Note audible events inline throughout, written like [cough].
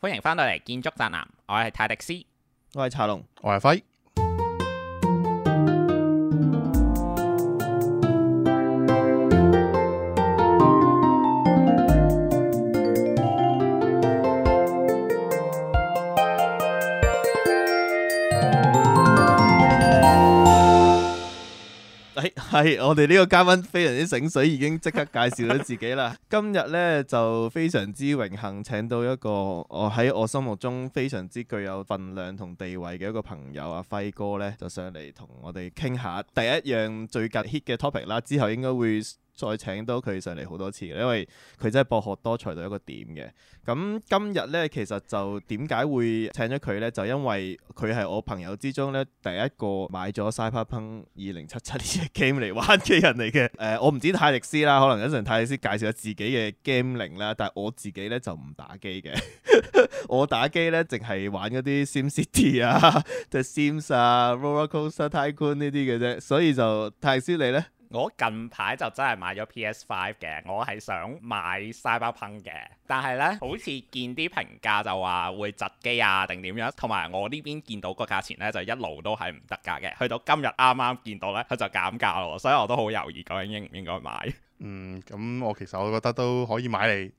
歡迎返到嚟《建築宅男》，我係泰迪斯，我係茶龍，我係輝。係，我哋呢個嘉賓非常之醒水，已經即刻介紹咗自己啦。 [laughs] 今日咧就非常之榮幸，請到一個我喺我心目中非常之具有份量同地位嘅一個朋友阿輝哥咧，就上嚟同我哋傾下第一樣最近 hit 嘅 topic 啦。之後應該會。再請到佢上嚟好多次嘅，因為佢真係博學多才到一個點嘅。咁今日咧，其實就點解會請咗佢咧？就因為佢係我朋友之中咧第一個買咗《Cyberpunk 二零七七》呢隻 game 嚟玩嘅人嚟嘅。誒，我唔知泰力斯啦，可能有陣泰力斯介紹下自己嘅 gaming 啦，但係我自己咧就唔打機嘅。 [laughs] 我打機咧淨係玩嗰啲《SimCity》啊，即《The Sims》啊，《Roller Coaster Tycoon》呢啲嘅啫，所以就泰力斯你咧。我近排就真係買咗 PS5 嘅，我係想買《Cyberpunk》嘅，但係呢，好似見啲評價就話會窒機啊定點樣，同埋我呢邊見到個價錢呢就一路都係唔得價嘅，去到今日啱啱見到呢，佢就減價咯，所以我都好猶豫究竟應唔應該買。嗯，咁我其實我覺得都可以買嚟。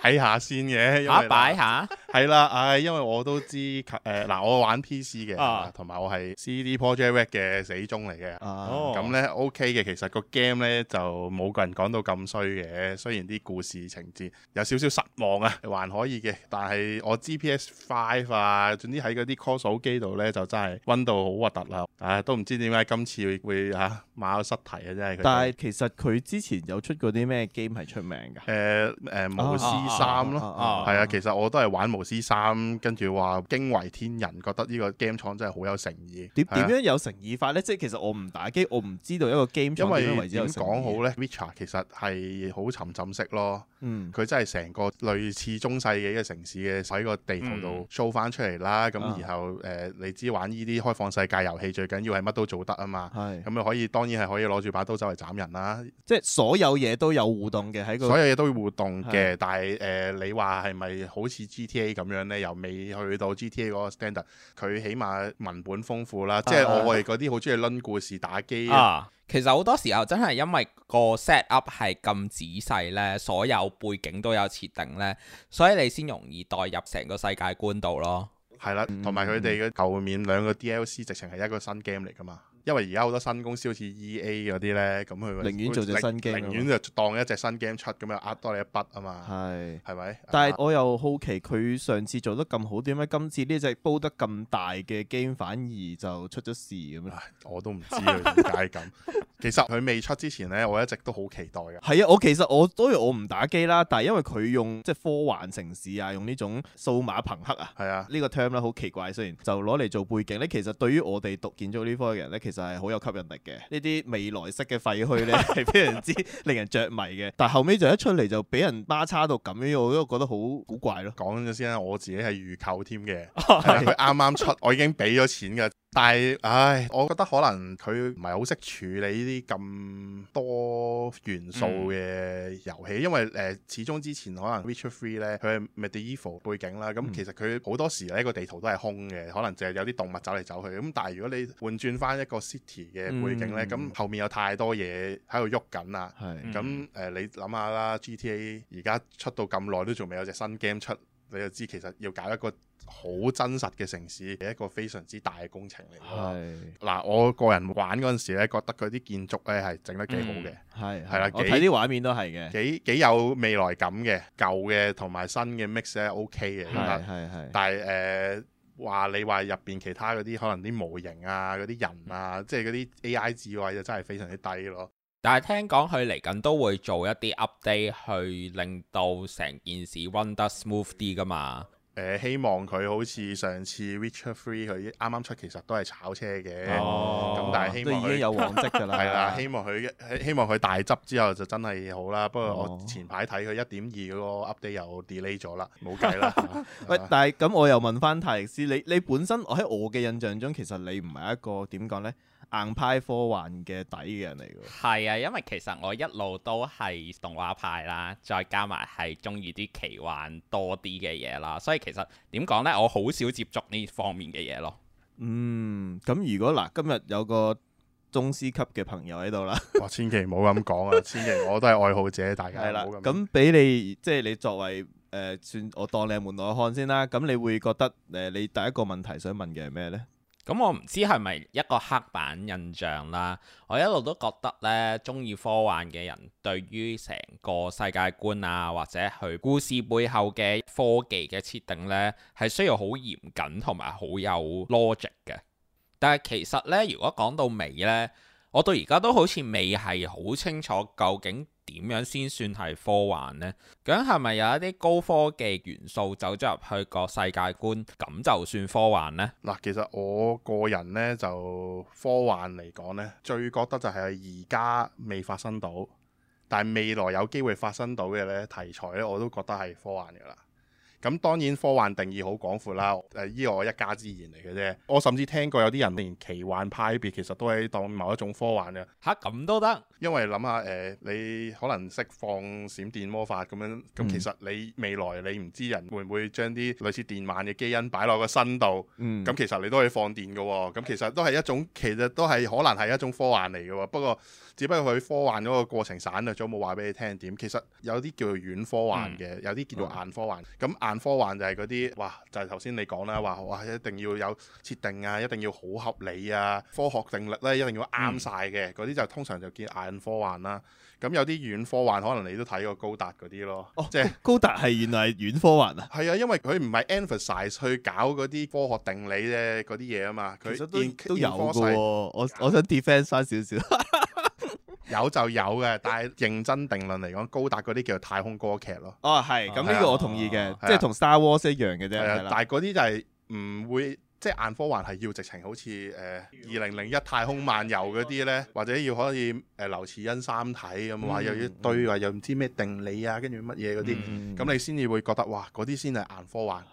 擺下先嘅嚇、啊，擺下係啦，唉、 [laughs] 啊，因為我都知誒嗱、呃，我玩 PC 嘅，同埋、啊、我係 CD Project 嘅死忠嚟嘅，咁咧、啊嗯、OK 嘅，其實個 game 咧就冇個人講到咁衰嘅，雖然啲故事情節有少少失望啊，還可以嘅，但係我 GPS 5啊，總之喺嗰啲 console 機度咧就真係溫度好核突啊，唉，都唔知點解今次會嚇、啊、馬有失蹄啊真係。但係其實佢之前有出過啲咩 game 係出名㗎？誒誒冇。呃巫師三咯，係啊，其實我都係玩巫師三，跟住話驚為天人，覺得呢個 game 廠真係好有誠意。點點樣有誠意法咧？即係其實我唔打機，我唔知道一個 game 廠，因為點講好咧，Richa 其實係好沉浸式咯，佢真係成個類似中世紀嘅城市嘅喺個地圖度 show 翻出嚟啦。咁然後誒，你知玩呢啲開放世界遊戲最緊要係乜都做得啊嘛。咁又可以當然係可以攞住把刀走嚟斬人啦。即係所有嘢都有互動嘅喺個。所有嘢都有互動嘅，但係。誒、呃，你話係咪好似 GTA 咁樣呢？又未去到 GTA 嗰個 standard，佢起碼文本豐富啦。啊、即係我哋嗰啲好中意拎故事打機啊。啊，其實好多時候真係因為個 set up 係咁仔細呢，所有背景都有設定呢，所以你先容易代入成個世界觀度咯。係啦、嗯，同埋佢哋嘅後面兩個 DLC 直情係一個新 game 嚟㗎嘛。因為而家好多新公司好似 E A 嗰啲咧，咁佢、就係、寧願做隻新 game，寧願就當一隻新 game 出，咁就呃多你一筆啊嘛。係係咪？係係，但係我又好奇佢上次做得咁好，點解今次呢隻煲得咁大嘅 game 反而就出咗事咁咧？我都唔知佢點解咁。 [laughs] [laughs] 其實佢未出之前咧，我一直都好期待嘅。係啊，我其實我當然我唔打機啦，但係因為佢用即係科幻城市啊，用呢種數碼朋克啊，係啊，個呢個 term 咧好奇怪，雖然就攞嚟做背景咧，其實對於我哋讀建築呢科嘅人咧，其實係好有吸引力嘅。呢啲未來式嘅廢墟咧係 [laughs] 非常之令人着迷嘅。但係後尾就一出嚟就俾人巴叉到咁樣，我都覺得好古怪咯。講咗先啦，我自己係預購添嘅，佢啱啱出，我已經俾咗錢㗎。但係，唉，我覺得可能佢唔係好識處理呢啲。啲咁多元素嘅遊戲，嗯、因為誒、呃、始終之前可能《Witcher Three》咧，佢係 Medieval 背景啦，咁、嗯、其實佢好多時咧個地圖都係空嘅，可能淨係有啲動物走嚟走去。咁但係如果你換轉翻一個 City 嘅背景咧，咁、嗯、後面有太多嘢喺度喐緊啦。係咁誒，你諗下啦，《GTA》而家出到咁耐都仲未有隻新 game 出。你就知其實要搞一個好真實嘅城市係一個非常之大嘅工程嚟㗎。嗱係，我個人玩嗰陣時咧，覺得佢啲建築咧係整得幾好嘅。係係、嗯、啦，我睇啲畫面都係嘅，幾幾有未來感嘅，舊嘅同埋新嘅 mix 咧 OK 嘅。係係係係。但係誒、呃，話你話入邊其他嗰啲可能啲模型啊、嗰啲人啊，嗯、即係嗰啲 AI 智慧就真係非常之低咯。但係聽講佢嚟緊都會做一啲 update 去令到成件事 run 得 smooth 啲噶嘛？誒、呃，希望佢好似上次 Witcher 3佢啱啱出，其實都係炒車嘅。哦，咁但係希望都已經有往績噶啦。係啦，希望佢希望佢大執之後就真係好啦。不過我前排睇佢一點二嗰個 update 又 delay 咗啦，冇計啦。哦、喂、啊、但係咁我又問翻泰斯，你你本身我喺我嘅印象中，其實你唔係一個點講咧？硬派科幻嘅底嘅人嚟嘅，係啊，因為其實我一路都係動畫派啦，再加埋係中意啲奇幻多啲嘅嘢啦，所以其實點講咧，我好少接觸呢方面嘅嘢咯。嗯，咁如果嗱今日有個宗師級嘅朋友喺度啦，哇，千祈唔好咁講啊， [laughs] 千祈我都係愛好者，大家係啦。咁俾你即係、就是、你作為誒、呃，算我當你係門外漢先啦。咁你會覺得誒、呃，你第一個問題想問嘅係咩咧？咁、嗯、我唔知係咪一個刻板印象啦，我一路都覺得呢，中意科幻嘅人對於成個世界觀啊，或者佢故事背後嘅科技嘅設定呢，係需要好嚴謹同埋好有 logic 嘅。但係其實呢，如果講到尾呢，我到而家都好似未係好清楚究竟。點樣先算係科幻呢？咁係咪有一啲高科技元素走咗入去個世界觀，咁就算科幻呢？嗱，其實我個人呢，就科幻嚟講呢，最覺得就係而家未發生到，但係未來有機會發生到嘅呢題材呢，我都覺得係科幻嘅啦。咁當然科幻定義好廣闊啦，誒，依我一家之言嚟嘅啫。我甚至聽過有啲人連奇幻派別，其實都係當某一種科幻嘅。吓，咁都得？因為諗下誒，你可能釋放閃電魔法咁樣，咁其實你未來你唔知人會唔會將啲類似電鰻嘅基因擺落個身度，咁、嗯、其實你都可以放電噶喎、哦，咁其實都係一種，其實都係可能係一種科幻嚟嘅喎，不過只不過佢科幻嗰個過程省略咗，冇話俾你聽點。其實有啲叫做軟科幻嘅，嗯、有啲叫做硬科幻。咁硬科幻就係嗰啲，哇，就係頭先你講啦，話哇一定要有設定啊，一定要好合理啊，科學定律咧一定要啱晒嘅，嗰啲、嗯、就通常就叫科幻啦，咁有啲軟科幻，可能你都睇過高達嗰啲咯。哦，即係高達係原來係軟科幻啊？係啊，因為佢唔係 emphasize 去搞嗰啲科學定理嘅嗰啲嘢啊嘛。佢都有嘅，我我想 defense 翻少少。 [laughs] 有就有嘅，但係認真定論嚟講，高達嗰啲叫做太空歌劇咯。哦、啊，係，咁呢個我同意嘅，即係同 Star Wars 一樣嘅啫、啊。但係嗰啲就係唔會。即係硬科幻係要直情好似誒二零零一太空漫遊嗰啲咧，或者要可以誒、呃、劉慈欣三體咁話，又要堆話又唔知咩定理啊，跟住乜嘢嗰啲，咁、嗯、你先至會覺得哇，嗰啲先係硬科幻。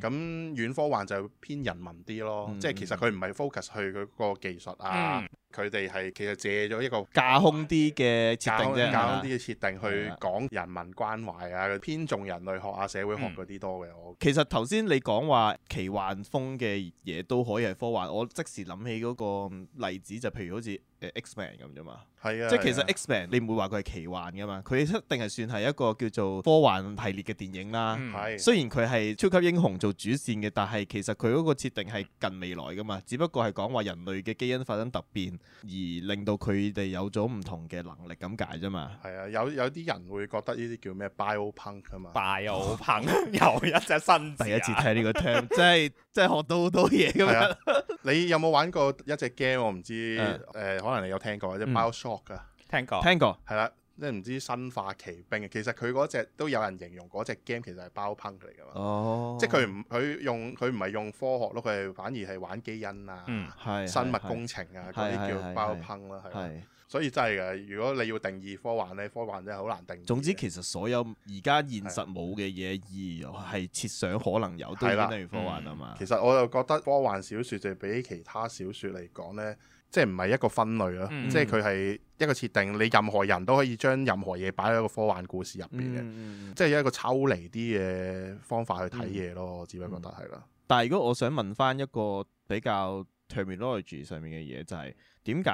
咁軟是科幻就偏人文啲咯，嗯、即係其實佢唔係 focus 去佢個技術啊。嗯佢哋係其實借咗一個架空啲嘅設定,設定、嗯，架空啲嘅設定去講人文關懷啊，偏重人類學啊、社會學嗰啲多嘅。我、嗯、其實頭先你講話奇幻風嘅嘢都可以係科幻，我即時諗起嗰個例子就譬如好似。Xman 咁啫嘛，啊，即係其實 Xman 你唔會話佢係奇幻噶嘛，佢一定係算係一個叫做科幻系列嘅電影啦。係的，雖然佢係超級英雄做主線嘅，但係其實佢嗰個設定係近未來噶嘛，只不過係講話人類嘅基因發生突變而令到佢哋有咗唔同嘅能力咁解啫嘛。係啊，有有啲人會覺得呢啲叫咩 biopunk Bio [laughs] 啊嘛，biopunk 又一隻新字第一次聽呢個 term、erm, [laughs] 真係即係學到好多嘢咁樣。你有冇玩過一隻 game？我唔知誒、嗯呃呃，可能。可能你有聽過，即係、嗯《BioShock》啊，聽過聽過係啦，即係唔知生化奇兵嘅。其實佢嗰隻都有人形容嗰隻 game 其實係 Biopunk 嚟噶嘛，哦、即係佢唔佢用佢唔係用科學咯，佢係反而係玩基因啊、嗯、生物工程啊嗰啲叫 Biopunk 啦，係咯。所以真係噶，如果你要定義科幻咧，科幻真係好難定。總之，其實所有而家現實冇嘅嘢，而係設想可能有都係科幻啊嘛、嗯。其實我又覺得科幻小說就比其他小說嚟講咧。即係唔係一個分類咯，嗯、即係佢係一個設定，你任何人都可以將任何嘢擺喺一個科幻故事入邊嘅，嗯嗯、即係一個抽離啲嘅方法去睇嘢咯，嗯、只不過得係啦。嗯嗯、但係如果我想問翻一個比較 terminology 上面嘅嘢，就係點解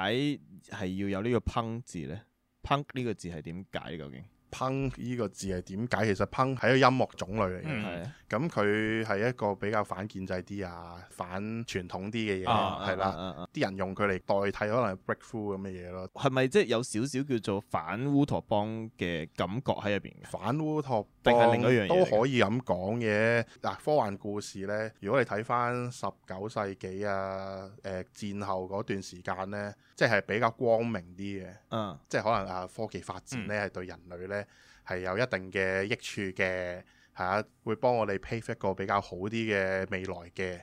係要有呢個 punk 字咧？punk 呢個字係點解究竟？punk 呢個字係點解？其實 punk 係一個音樂種類嚟嘅，咁佢係一個比較反建制啲啊，反傳統啲嘅嘢，係啦，啲人用佢嚟代替可能 breakthrough 咁嘅嘢咯。係咪即係有少少叫做反烏托邦嘅感覺喺入邊？反烏托。定係另一樣嘢都可以咁講嘅嗱，科幻故事呢。如果你睇翻十九世紀啊，誒、呃、戰後嗰段時間呢，即係比較光明啲嘅，啊、即係可能啊科技發展呢係、嗯、對人類呢係有一定嘅益處嘅嚇、啊，會幫我哋 pave 一個比較好啲嘅未來嘅。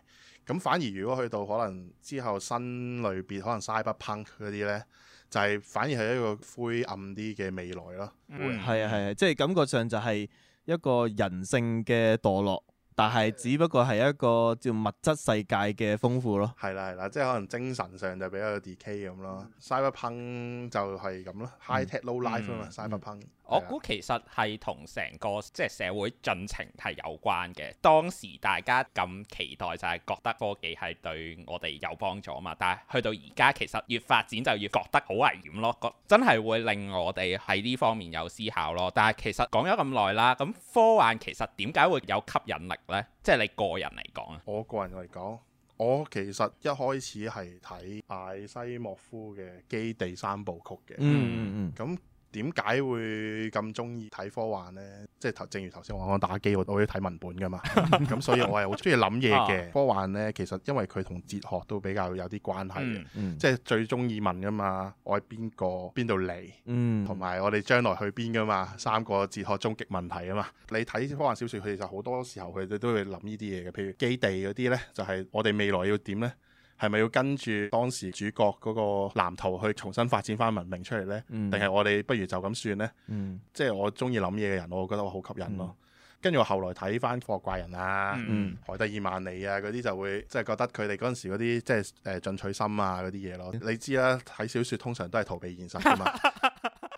咁反而如果去到可能之後新類別可能 cyberpunk 嗰啲呢，就係、是、反而係一個灰暗啲嘅未來咯。嗯，係啊係啊，即係、就是、感覺上就係、是。一個人性嘅墮落，但係只不過係一個叫物質世界嘅豐富咯。係啦，係啦，即係可能精神上就比較 decay 咁咯。嗯、Cyberpunk 就係咁咯，high tech low life 啊嘛，cyberpunk。Cyber punk 嗯嗯。我估其實係同成個即係社會進程係有關嘅。當時大家咁期待就係覺得科技係對我哋有幫助嘛。但係去到而家，其實越發展就越覺得好危險咯。真係會令我哋喺呢方面有思考咯。但係其實講咗咁耐啦，咁科幻其實點解會有吸引力呢？即係你個人嚟講啊？我個人嚟講，我其實一開始係睇艾西莫夫嘅《基地》三部曲嘅。嗯嗯嗯。咁點解會咁中意睇科幻呢？即係正如頭先我講打機，我機我要睇文本噶嘛。咁 [laughs] 所以我係好中意諗嘢嘅。 [laughs] 啊、科幻呢，其實因為佢同哲學都比較有啲關係嘅，嗯嗯、即係最中意問噶嘛，我係邊個、邊度嚟，同埋、嗯、我哋將來去邊噶嘛，三個哲學終極問題啊嘛。你睇科幻小説，佢其實好多時候佢哋都會諗呢啲嘢嘅，譬如基地嗰啲呢，就係、是、我哋未來要點呢？係咪要跟住當時主角嗰個藍圖去重新發展翻文明出嚟呢？定係、嗯、我哋不如就咁算呢？即係、嗯、我中意諗嘢嘅人，我覺得我好吸引咯。跟住、嗯、我後來睇翻《科學怪人》啊，嗯《海底二萬里》啊嗰啲，就會即係覺得佢哋嗰陣時嗰啲即係誒進取心啊嗰啲嘢咯。你知啦，睇小説通常都係逃避現實㗎嘛，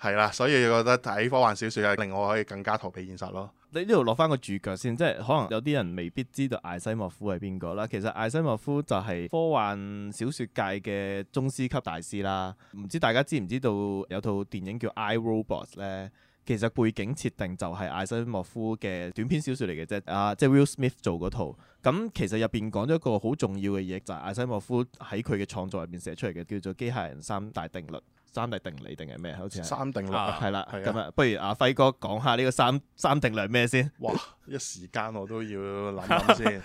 係啦， [laughs] [laughs] 所以覺得睇科幻小説係令我可以更加逃避現實咯。你呢度落翻個註腳先，即係可能有啲人未必知道艾西莫夫係邊個啦。其實艾西莫夫就係科幻小說界嘅宗師級大師啦。唔知大家知唔知道有套電影叫《I Robot》咧 Rob？其實背景設定就係艾西莫夫嘅短篇小説嚟嘅啫。啊，即係 Will Smith 做嗰套。咁其實入邊講咗一個好重要嘅嘢，就係、是、艾西莫夫喺佢嘅創作入邊寫出嚟嘅，叫做《機械人三大定律》。三定理定係咩？好似係三定律係啦，咁啊，不如阿輝哥講下呢個三三定律咩先？哇！一時間我都要諗諗先。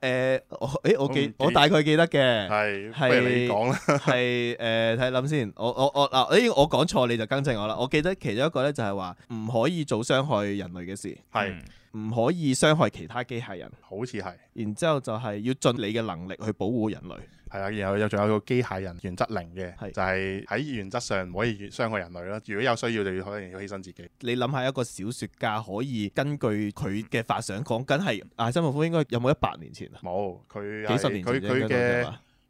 誒，我誒，我記我大概記得嘅，係係你講啦，係誒睇諗先。我我我嗱，誒我講錯你就更正我啦。我記得其中一個咧就係話唔可以做傷害人類嘅事，係唔可以傷害其他機械人，好似係。然之後就係要盡你嘅能力去保護人類。係啊，然後又仲有個機械人原則零嘅，是就係喺原則上唔可以傷害人類咯。如果有需要，就要可能要犧牲自己。你諗下一個小說家可以根據佢嘅發想講緊係啊，艾西莫夫應該有冇一百年前啊？冇，佢幾十年前應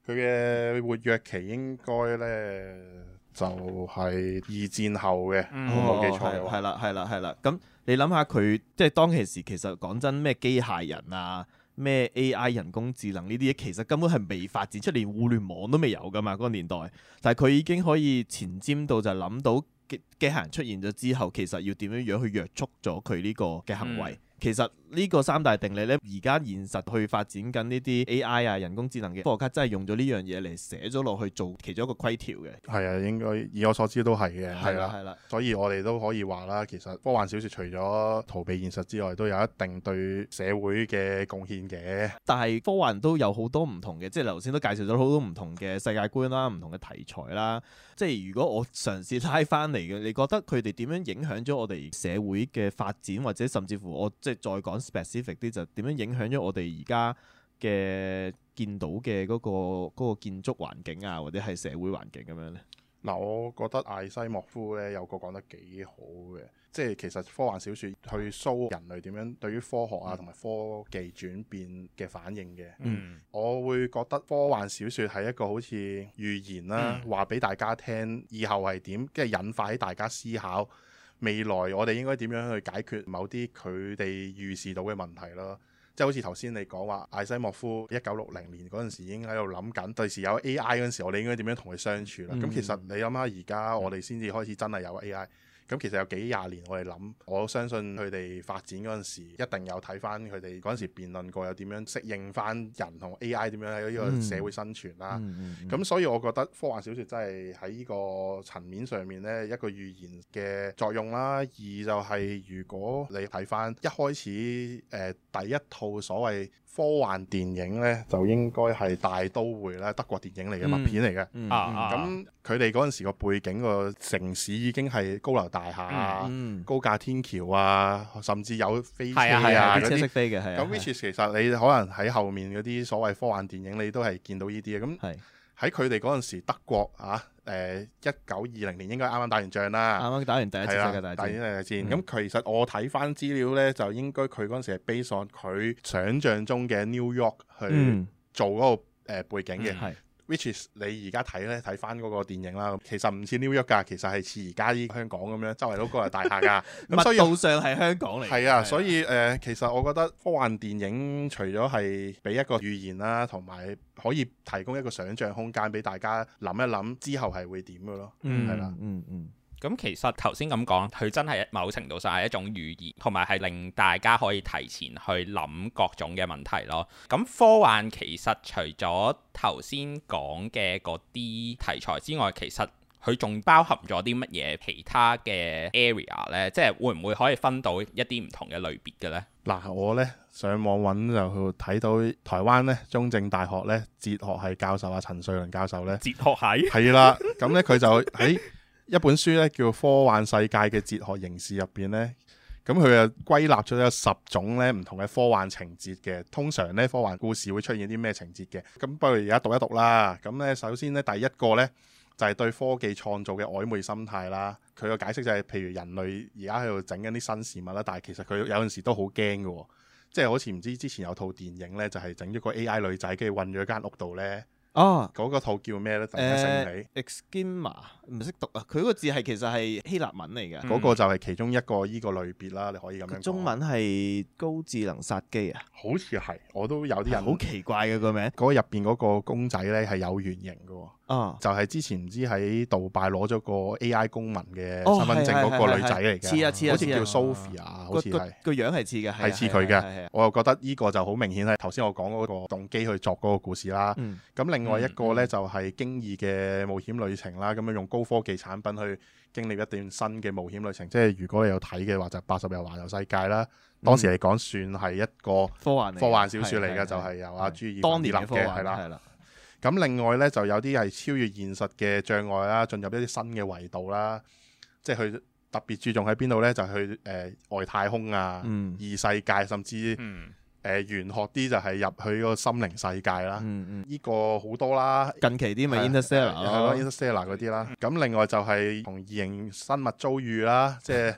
佢嘅活躍期應該呢就係、是、二戰後嘅，冇、嗯、記錯喎。係啦、哦，係啦，係啦。咁你諗下佢即係當其時，其實講真咩機械人啊？咩 A.I. 人工智能呢啲嘢，其實根本係未發展出，連互聯網都未有噶嘛、嗰個年代。但係佢已經可以前瞻到，就諗到機機械人出現咗之後其實要點樣樣去約束咗佢呢個嘅行為，嗯、其實。呢個三大定理呢，而家現實去發展緊呢啲 AI 啊、人工智能嘅科學家真係用咗呢樣嘢嚟寫咗落去做其中一個規條嘅。係啊，應該以我所知都係嘅。係啦，係啦。所以我哋都可以話啦，其實科幻小説除咗逃避現實之外，都有一定對社會嘅貢獻嘅。但係科幻都有好多唔同嘅，即係頭先都介紹咗好多唔同嘅世界觀啦、唔同嘅題材啦。即係如果我嘗試拉翻嚟嘅，你覺得佢哋點樣影響咗我哋社會嘅發展，或者甚至乎我即係再講。specific 啲就點樣影響咗我哋而家嘅見到嘅嗰、嗰個嗰個建築環境啊，或者係社會環境咁樣呢？嗱，我覺得艾西莫夫呢有個講得幾好嘅，即係其實科幻小説去 show 人類點樣對於科學啊同埋、嗯、科技轉變嘅反應嘅。嗯，我會覺得科幻小説係一個好似預言啦、啊，話俾、嗯、大家聽以後係點，跟住引發起大家思考。未來我哋應該點樣去解決某啲佢哋預示到嘅問題咯？即係好似頭先你講話艾西莫夫一九六零年嗰陣時已經喺度諗緊，第時有 AI 嗰陣時，我哋應該點樣同佢相處啦？咁、嗯、其實你諗下，而家我哋先至開始真係有 AI。咁其實有幾廿年我哋諗，我相信佢哋發展嗰陣時一定有睇翻佢哋嗰陣時辯論過，又點樣適應翻人同 AI 點樣喺呢個社會生存啦。咁、嗯、所以我覺得科幻小説真係喺呢個層面上面呢一個預言嘅作用啦。二就係如果你睇翻一開始誒、呃、第一套所謂。科幻電影咧就應該係大都會啦，德國電影嚟嘅默片嚟嘅，咁佢哋嗰陣時個背景、個城市已經係高樓大廈啊、嗯、高架天橋啊，甚至有飛車啊嗰啲、啊、些飛嘅，咁 which 其實你可能喺後面嗰啲所謂科幻電影你都係見到呢啲嘅咁。喺佢哋嗰陣時，德國啊，誒一九二零年應該啱啱打完仗啦，啱啱打完第一次世界大戰。咁、嗯、其實我睇翻資料咧，就應該佢嗰陣時係 base on 佢想像中嘅 New York 去做嗰個誒背景嘅。嗯你而家睇咧睇翻嗰個電影啦，其實唔似 New York 㗎，其實係似而家啲香港咁樣，周圍都個個大廈㗎。咁 [laughs] 所以路上係香港嚟。係啊，所以誒、啊呃，其實我覺得科幻電影除咗係俾一個預言啦，同埋可以提供一個想像空間俾大家諗一諗之後係會點嘅咯，係啦、嗯啊嗯，嗯嗯。咁其實頭先咁講，佢真係某程度上係一種語言，同埋係令大家可以提前去諗各種嘅問題咯。咁科幻其實除咗頭先講嘅嗰啲題材之外，其實佢仲包含咗啲乜嘢其他嘅 area 呢，即係會唔會可以分到一啲唔同嘅類別嘅呢？嗱，我呢，上網揾就去睇到台灣呢中正大學呢哲學系教授阿、啊、陳瑞麟教授呢哲學系係啦，咁呢，佢就喺、 [laughs] 哎一本書咧叫《科幻世界嘅哲學形式》入邊咧，咁佢就歸納咗有十種咧唔同嘅科幻情節嘅。通常咧科幻故事會出現啲咩情節嘅？咁不如而家讀一讀啦。咁咧首先咧第一個咧就係、是、對科技創造嘅曖昧心態啦。佢嘅解釋就係、是、譬如人類而家喺度整緊啲新事物啦，但係其實佢有陣時都、就是、好驚嘅，即係好似唔知之前有套電影咧就係整咗個 AI 女仔，跟住困咗間屋度咧。哦，嗰個套叫咩咧？突然間醒起，exigma 唔識讀啊！佢嗰個字係其實係希臘文嚟嘅。嗰、嗯、個就係其中一個依個類別啦，你可以咁樣講。中文係高智能殺機啊？好似係，我都有啲人好、嗯、奇怪嘅、嗰個名。嗰入邊嗰個公仔咧係有圓形嘅喎、哦。就係之前唔知喺杜拜攞咗個 AI 公民嘅身份證嗰個女仔嚟嘅，好似叫 Sophia，好似係個樣係似嘅，係似佢嘅。我又覺得呢個就好明顯係頭先我講嗰個動機去作嗰個故事啦。咁另外一個咧就係驚異嘅冒險旅程啦，咁樣用高科技產品去經歷一段新嘅冒險旅程。即係如果你有睇嘅話，就八十日環遊世界啦。當時嚟講算係一個科幻科幻小説嚟嘅，就係由阿朱爾立嘅，係啦。咁另外咧就有啲係超越現實嘅障礙啦，進入一啲新嘅維度啦，即係佢特別注重喺邊度咧，就去誒、呃、外太空啊，異、嗯、世界，甚至誒玄、嗯呃、學啲就係入去個心靈世界啦。呢、嗯嗯、個好多啦，近期啲咪 Interstellar 咯，Interstellar 嗰啲啦。咁、嗯、另外就係同異形生物遭遇啦，即係。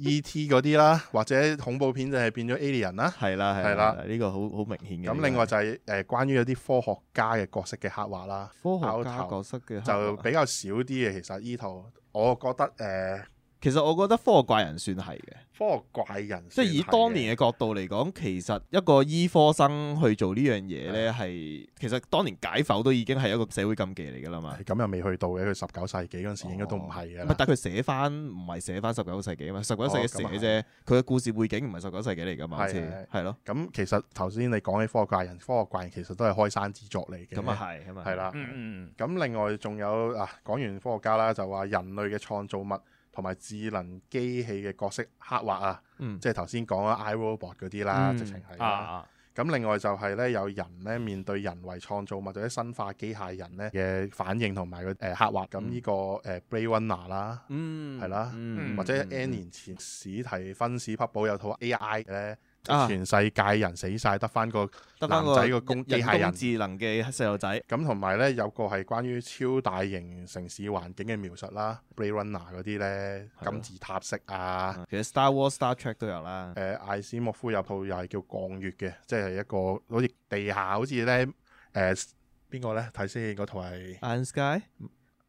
E.T. 嗰啲啦，或者恐怖片就係變咗 alien 啦，係啦係啦，呢的個好好明顯嘅。咁另外就係、是、誒的、呃、關於有啲科學家嘅角色嘅刻畫啦，科學家頭角色嘅就比較少啲嘅其實呢套，我覺得誒。呃其實我覺得《科學怪人》算係嘅，《科學怪人》即係以當年嘅角度嚟講，其實一個醫科生去做呢樣嘢咧，係的其實當年解剖都已經係一個社會禁忌嚟噶啦嘛咁又未去到嘅，佢十九世紀嗰陣時應該都唔係嘅。但佢寫翻唔係寫翻十九世紀啊嘛，十九世紀寫嘅啫。佢嘅、哦、故事背景唔係十九世紀嚟噶嘛，好似係咯。咁的的其實頭先你講起科學怪人《科學怪人》，《科學怪人》其實都係開山之作嚟嘅。咁啊係，係啦。咁的、嗯、另外仲有啊，講完科學家啦，就話人類嘅創造物。同埋智能機器嘅角色刻畫啊，嗯、即係頭先講啊，iRobot 嗰啲啦，嗯、直情係。咁另外就係咧，有人咧面對人為創造物或者、就是、生化機械人咧嘅反應同埋、嗯、個刻畫，咁呢個誒 Blade Runner 啦，係、嗯、啦，嗯、或者 N 年前、嗯嗯、史提芬史匹堡有套 AI 嘅。啊、全世界人死晒得翻個得仔個工，地下人智能嘅細路仔。咁同埋咧，嗯、有個係關於超大型城市環境嘅描述啦，Blade Runner 嗰啲咧金字塔式啊。嗯、其實 Star Wars、Star Trek 都有啦。誒、呃，艾斯莫夫有套又係叫《降月》嘅，即係一個好似地下好，好似咧誒邊個咧？睇先嗰套。a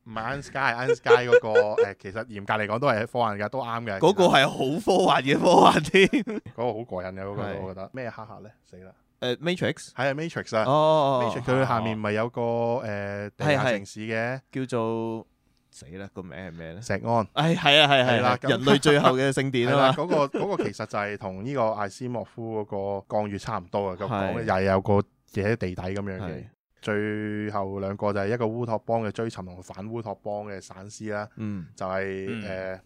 唔係《Sky》，係《安斯街》嗰個誒，其實嚴格嚟講都係科幻㗎，都啱嘅。嗰個係好科幻嘅科幻添，嗰個好過癮嘅嗰個，我覺得。咩黑客咧？死啦！誒，《Matrix》係啊，《Matrix》啊。哦 Matrix 佢下面咪有個誒地下城市嘅，叫做死啦個名係咩咧？錫安。誒係啊係係啦，人類最後嘅聖殿啦。嗰個嗰個其實就係同呢個艾斯莫夫嗰個降雨差唔多嘅，講嘅又有個嘢地底咁樣嘅。最後兩個就係一個烏托邦嘅追尋同反烏托邦嘅反思啦，就係誒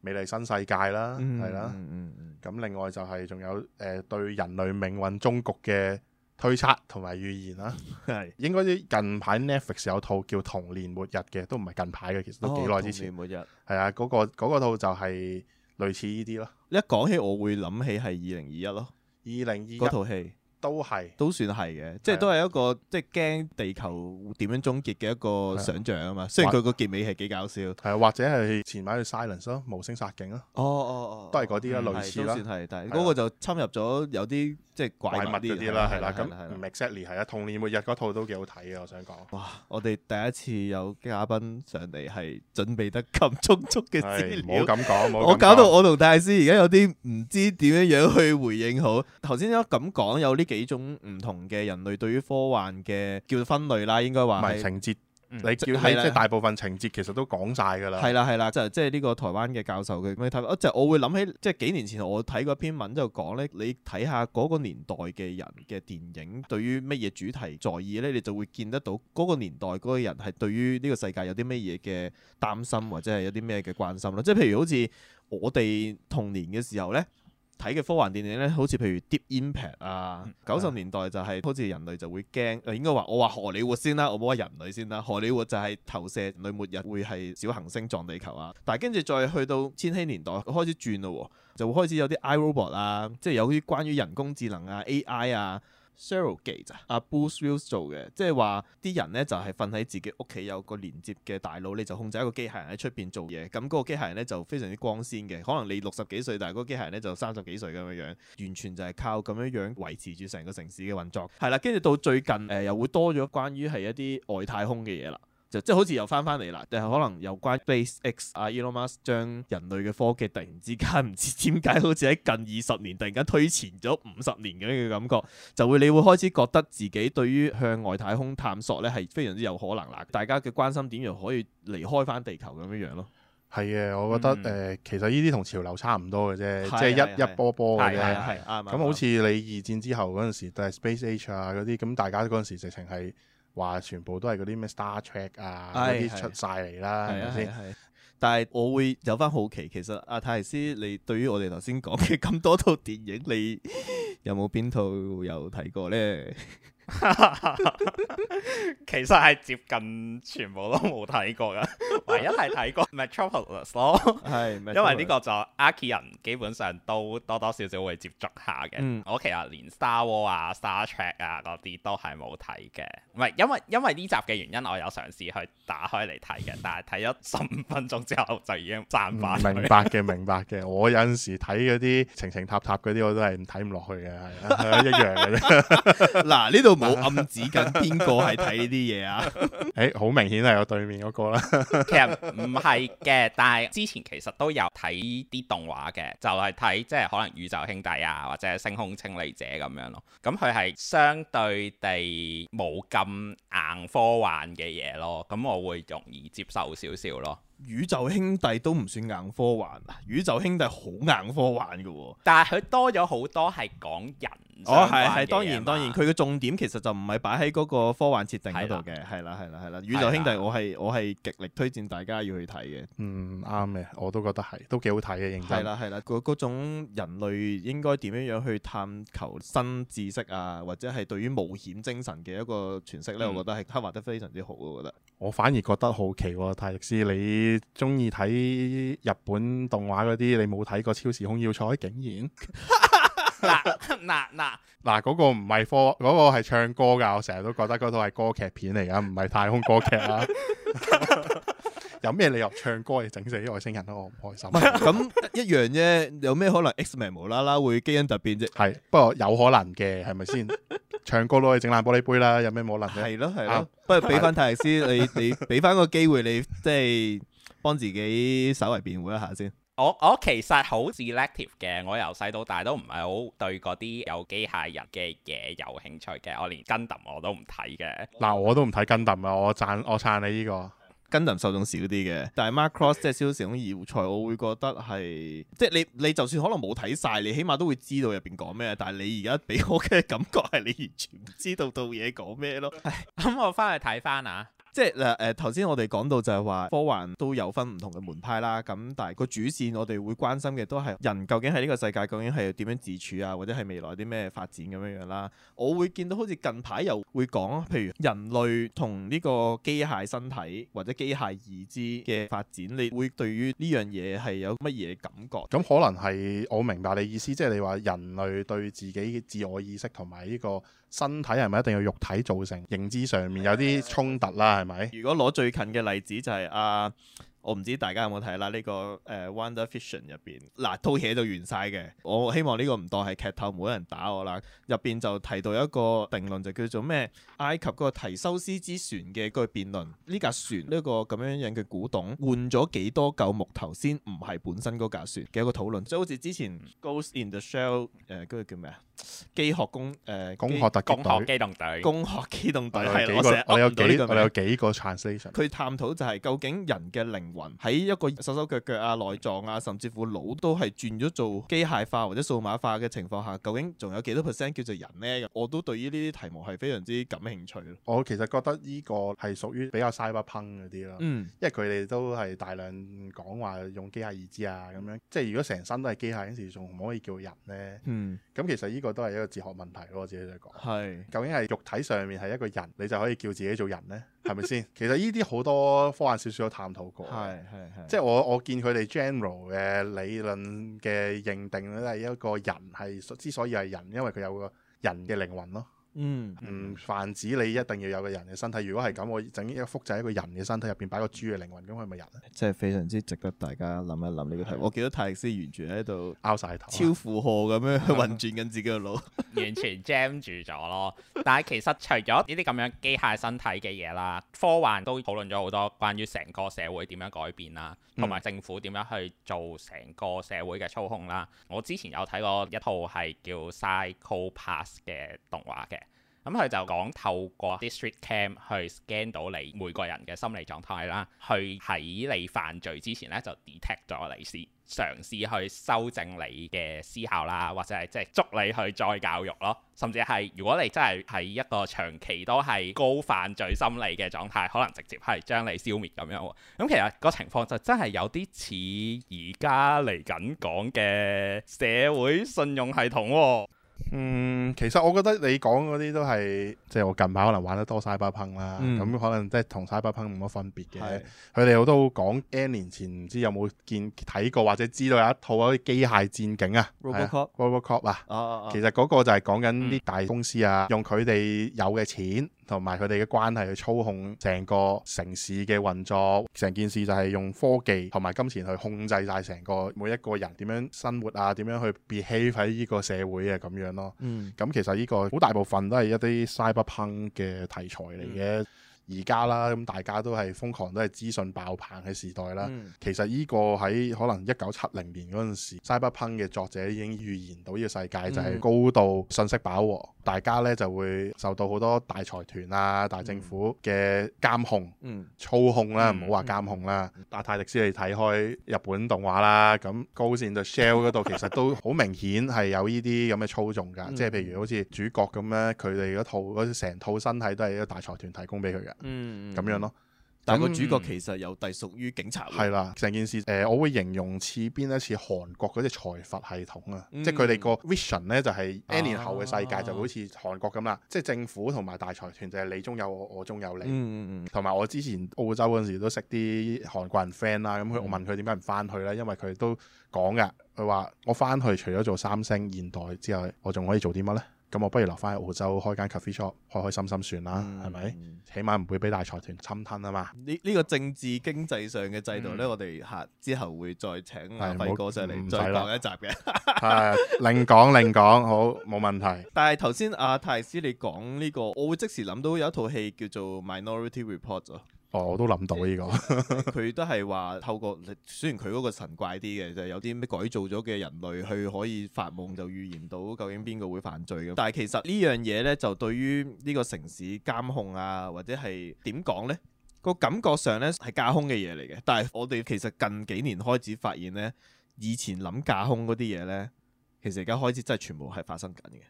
美麗新世界啦，係、嗯、啦。咁、嗯嗯嗯、另外就係仲有誒、呃、對人類命運終局嘅推測同埋預言啦。係是應該啲近排 Netflix 有套叫《童年末日》嘅，都唔係近排嘅，其實都幾耐之前。哦、童年末日係啊，嗰、那個嗰、那個套就係類似呢啲咯。一講起我會諗起係二零二一咯，二零二一嗰套戲。都係，都算係嘅，即係都係一個即係驚地球點樣終結嘅一個想像啊嘛。雖然佢個結尾係幾搞笑，係或者係前晚去 Silence 咯，無聲殺警咯，哦哦哦，都係嗰啲啦，類似啦，都算係，但係嗰個就侵入咗有啲即係怪物嗰啲啦，係啦，咁係，exactly 係啦，童年末日嗰套都幾好睇嘅，我想講。哇！我哋第一次有嘉賓上嚟係準備得咁充足嘅資料，唔好咁講，我搞到我同大師而家有啲唔知點樣樣去回應好。頭先都咁講有呢。幾種唔同嘅人類對於科幻嘅叫分類啦，應該話情節，你叫喺即係大部分情節其實都講晒㗎啦。係啦係啦，就係即係呢個台灣嘅教授佢咁樣睇，我即係我會諗起，即係幾年前我睇過一篇文就講咧，你睇下嗰個年代嘅人嘅電影對於乜嘢主題在意咧，你就會見得到嗰個年代嗰個人係對於呢個世界有啲乜嘢嘅擔心或者係有啲咩嘅關心咯。即係譬如好似我哋童年嘅時候咧。睇嘅科幻電影咧，好似譬如 Deep Impact 啊，九十、嗯、年代就係好似人類就會驚，嗯、應該話我話荷里活先啦，我冇話人類先啦。荷里活就係投射人類末日會係小行星撞地球啊，但係跟住再去到千禧年代開始轉咯、啊，就會開始有啲 I Robot 啊，即係有啲關於人工智能啊 AI 啊。Surrogate 咋？阿 Bruce Willis 做嘅，即係話啲人咧就係瞓喺自己屋企有個連接嘅大腦，你就控制一個機械人喺出邊做嘢。咁嗰個機械人咧就非常之光鮮嘅，可能你六十幾歲，但係嗰個機械人咧就三十幾歲咁樣樣，完全就係靠咁樣樣維持住成個城市嘅運作。係啦，跟住到最近誒、呃、又會多咗關於係一啲外太空嘅嘢啦。就即係好似又翻翻嚟啦，但係可能有關 SpaceX 啊、Elon Musk 將人類嘅科技突然之間唔知點解，好似喺近二十年突然間推前咗五十年嘅呢個感覺，就會你會開始覺得自己對於向外太空探索咧係非常之有可能啦。大家嘅關心點樣可以離開翻地球咁樣樣咯？係啊，我覺得誒、嗯呃，其實呢啲同潮流差唔多嘅啫，即係的一的一波波嘅啊，係啊，咁好似你二戰之後嗰陣時，但係 Space Age 啊嗰啲，咁大家嗰陣時直情係。話全部都係嗰啲咩 Star Trek 啊啲、哎、呀出晒嚟啦，係咪先？但係我會有翻好奇，其實阿泰斯，你對於我哋頭先講嘅咁多套電影，你有冇邊套有睇過咧？ [laughs] 其實係接近全部都冇睇過嘅，唯一係睇過 Metropolis 咯，係因為呢個就 Archi 人基本上都多多少少會接觸下嘅。嗯、我其實連 Star War 啊、Star Trek 啊嗰啲都係冇睇嘅，唔係因為因為呢集嘅原因，我有嘗試去打開嚟睇嘅，但係睇咗十五分鐘之後就已經散版。明白嘅，明白嘅。我有陣時睇嗰啲情情塔塔嗰啲，我都係睇唔落去嘅，係一樣嘅。 [laughs] 嗱呢度，冇暗指緊邊個係睇呢啲嘢啊？誒、 [laughs] 欸，好明顯係我對面嗰個啦。 [laughs] 其實唔係嘅，但係之前其實都有睇啲動畫嘅，就係、是、睇即係可能宇宙兄弟啊，或者星空清理者咁樣咯。咁佢係相對地冇咁硬科幻嘅嘢咯。咁、嗯、我會容易接受少少咯。宇宙兄弟都唔算硬科幻啊！宇宙兄弟好硬科幻嘅，但係佢多咗好多係講人。哦，係係、哦，當然當然，佢嘅吧重點其實就唔係擺喺嗰個科幻設定嗰度嘅，係啦，係啦，係啦。宇宙兄弟我係我係極力推薦大家要去睇嘅。嗯，啱嘅，我都覺得係都幾好睇嘅，認真。係啦，係啦，嗰種人類應該點樣樣去探求新知識啊，或者係對於冒險精神嘅一個詮釋咧，嗯、我覺得係刻畫得非常之好，我覺得。我反而覺得好奇喎、哦，泰迪斯，你中意睇日本動畫嗰啲，你冇睇過《超時空要塞》，竟然嗱嗱嗱嗱嗰個唔係科，嗰、嗰個係唱歌㗎，我成日都覺得嗰套係歌劇片嚟噶，唔係太空歌劇啦、啊。 [laughs] [laughs] 有咩理由唱歌要整死啲外星人咧？我唔開心。咁 [laughs] 一樣啫，有咩可能 X-Men 無啦啦會基因突變啫？係 [laughs] 不過有可能嘅，係咪先？唱歌攞去整爛玻璃杯啦，有咩可能咧？係咯係咯，嗯、不如俾翻泰迪斯你，你俾翻個機會 [laughs] 你，即、就、係、是、幫自己稍微辯護一下先。我我其實好 l e c t i v e 嘅，我由細到大都唔係好對嗰啲有機械人嘅嘢有興趣嘅，我連 Gundam 我都唔睇嘅。嗱，我都唔睇 Gundam 啊！我贊我撐你呢、這個。跟人受眾少啲嘅，但係 Macross 即係少少，成種熱菜，我會覺得係即係你你就算可能冇睇晒，你起碼都會知道入邊講咩。但係你而家俾我嘅感覺係你完全唔知道到嘢講咩咯。咁、 [laughs] 嗯、我翻去睇翻啊。即係嗱誒，頭先我哋講到就係話科幻都有分唔同嘅門派啦。咁但係個主線我哋會關心嘅都係人究竟喺呢個世界究竟係點樣自處啊，或者係未來啲咩發展咁樣樣啦。我會見到好似近排又會講，譬如人類同呢個機械身體或者機械意志嘅發展，你會對於呢樣嘢係有乜嘢感覺？咁可能係我明白你意思，即係你話人類對自己嘅自我意識同埋呢個。身體係咪一定要肉體造成？認知上面有啲衝突啦，係咪？如果攞最近嘅例子，就係，就係啊。我唔知大家有冇睇啦，呢、這個誒《WandaVision》入邊，嗱套嘢就完晒嘅。我希望呢個唔當係劇透，冇人打我啦。入邊就提到一個定論，就叫做咩？埃及個提修斯之船嘅個辯論，呢架船呢、這個咁樣樣嘅古董，換咗幾多舊木頭先唔係本身嗰架船嘅一個討論，就好似之前《Ghost in the Shell、呃》誒、那、嗰個叫咩啊？機學工誒、呃、工學特機機工學機動隊工學機動隊，我哋有幾我有幾個 translation。佢 trans 探討就係、是、究竟人嘅靈。喺一個手手腳腳啊、內臟啊，甚至乎腦都係轉咗做機械化或者數碼化嘅情況下，究竟仲有幾多 percent 叫做人咧？我都對於呢啲題目係非常之感興趣。我其實覺得呢個係屬於比較 cyberpunk 嗰啲啦，嗯、因為佢哋都係大量講話用機械義肢啊咁樣，即係如果成身都係機械候，嗰時仲唔可以叫人咧？咁、嗯、其實呢個都係一個哲學問題咯，我自己就講，係是究竟係肉體上面係一個人，你就可以叫自己做人咧？係咪先？ [laughs] [laughs] 其實呢啲好多科幻小説都探討過。即係我我見佢哋 general 嘅理論嘅認定咧，係一個人係之所以係人，因為佢有個人嘅靈魂咯。嗯，唔泛、嗯、指你一定要有個人嘅身體，如果係咁，我整一複製一個人嘅身體入邊擺個豬嘅靈魂，咁佢係咪人啊？即係非常之值得大家諗一諗呢個題。的我見到泰力斯完全喺度拗晒頭，超負荷咁樣去運轉緊自己嘅腦，嗯、 [laughs] 完全 jam 住咗咯。但係其實除咗呢啲咁樣機械身體嘅嘢啦， [laughs] 科幻都討論咗好多關於成個社會點樣改變啦，同埋、嗯、政府點樣去做成個社會嘅操控啦。嗯、我之前有睇過一套係叫《Psycho Pass》嘅動畫嘅。咁佢、嗯、就講透過啲 street cam 去 scan 到你每個人嘅心理狀態啦，去喺你犯罪之前咧就 detect 咗你先，試嘗試去修正你嘅思考啦，或者係即係捉你去再教育咯，甚至係如果你真係喺一個長期都係高犯罪心理嘅狀態，可能直接係將你消滅咁樣喎。咁、嗯、其實個情況就真係有啲似而家嚟緊講嘅社會信用系統喎、啊。嗯，其實我覺得你講嗰啲都係，即、就、係、是、我近排可能玩得多《Cyberpunk 啦》嗯，咁可能即係同《Cyberpunk》冇乜分別嘅。佢哋好多講 N 年前唔知有冇見睇過或者知道有一套嗰啲機械戰警啊 Robocop 啊，啊啊啊啊其實嗰個就係講緊啲大公司啊，啊啊啊用佢哋有嘅錢。同埋佢哋嘅關係去操控成個城市嘅運作，成件事就係用科技同埋金錢去控制晒成個每一個人點樣生活啊，點樣去 behave 喺呢個社會啊。咁樣咯。咁、嗯、其實呢個好大部分都係一啲 cyberpunk 嘅題材嚟嘅。嗯而家啦，咁大家都係瘋狂，都係資訊爆棚嘅時代啦。嗯、其實呢個喺可能一九七零年嗰陣時，Cyberpunk 嘅作者已經預言到呢個世界就係高度信息飽和，嗯、大家呢就會受到好多大財團啊、大政府嘅監控、嗯、操控啦，唔好話監控啦。但、嗯嗯嗯、泰迪斯你睇開日本動畫啦，咁 Ghost in the Shell 嗰度其實都好明顯係有呢啲咁嘅操縱㗎，即係譬如好似主角咁咧，佢哋嗰套嗰成套身體都係由大財團提供俾佢嘅。嗯，咁樣咯。但個主角其實又隸屬於警察。係啦、嗯，成件事誒、呃，我會形容似邊一次韓國嗰啲財閥系統、嗯就是、啊，即係佢哋個 vision 咧，就係 N 年後嘅世界就好似韓國咁啦。即係政府同埋大財團就係你中有我，我中有你。同埋、嗯嗯嗯、我之前澳洲嗰陣時都識啲韓國人 friend 啦，咁佢，我問佢點解唔翻去咧？因為佢都講噶，佢話我翻去除咗做三星、現代之外，我仲可以做啲乜咧？咁我不如留翻喺澳洲開間 cafe shop，開開心心算啦，係咪？起碼唔會俾大財團侵吞啊嘛！呢呢個政治經濟上嘅制度呢，嗯、我哋下之後會再請阿輝哥上嚟再講一集嘅。係， [laughs] 另講 [laughs] 另講，好冇問題。但係頭先阿泰斯你講呢、呢個，我會即時諗到有一套戲叫做 Minor《Minority Report》咯。哦，我都諗到呢個 [laughs] 佢都係話透過雖然佢嗰個神怪啲嘅，就係有啲咩改造咗嘅人類去可以發夢就預言到究竟邊個會犯罪嘅。但係其實呢樣嘢咧，就對於呢個城市監控啊，或者係點講咧，個感覺上咧係架空嘅嘢嚟嘅。但係我哋其實近幾年開始發現咧，以前諗架空嗰啲嘢咧，其實而家開始真係全部係發生緊嘅。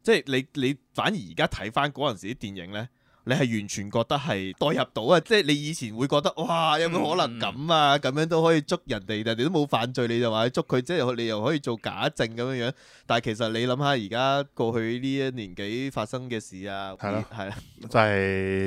即係你你反而而家睇翻嗰陣時啲電影咧。你係完全覺得係代入到啊！即係你以前會覺得哇，有冇可能咁啊？咁樣都可以捉人哋，人哋都冇犯罪你就話捉佢，即係你又可以做假證咁樣樣。但係其實你諗下，而家過去呢一年幾發生嘅事啊，係咯，係啊，真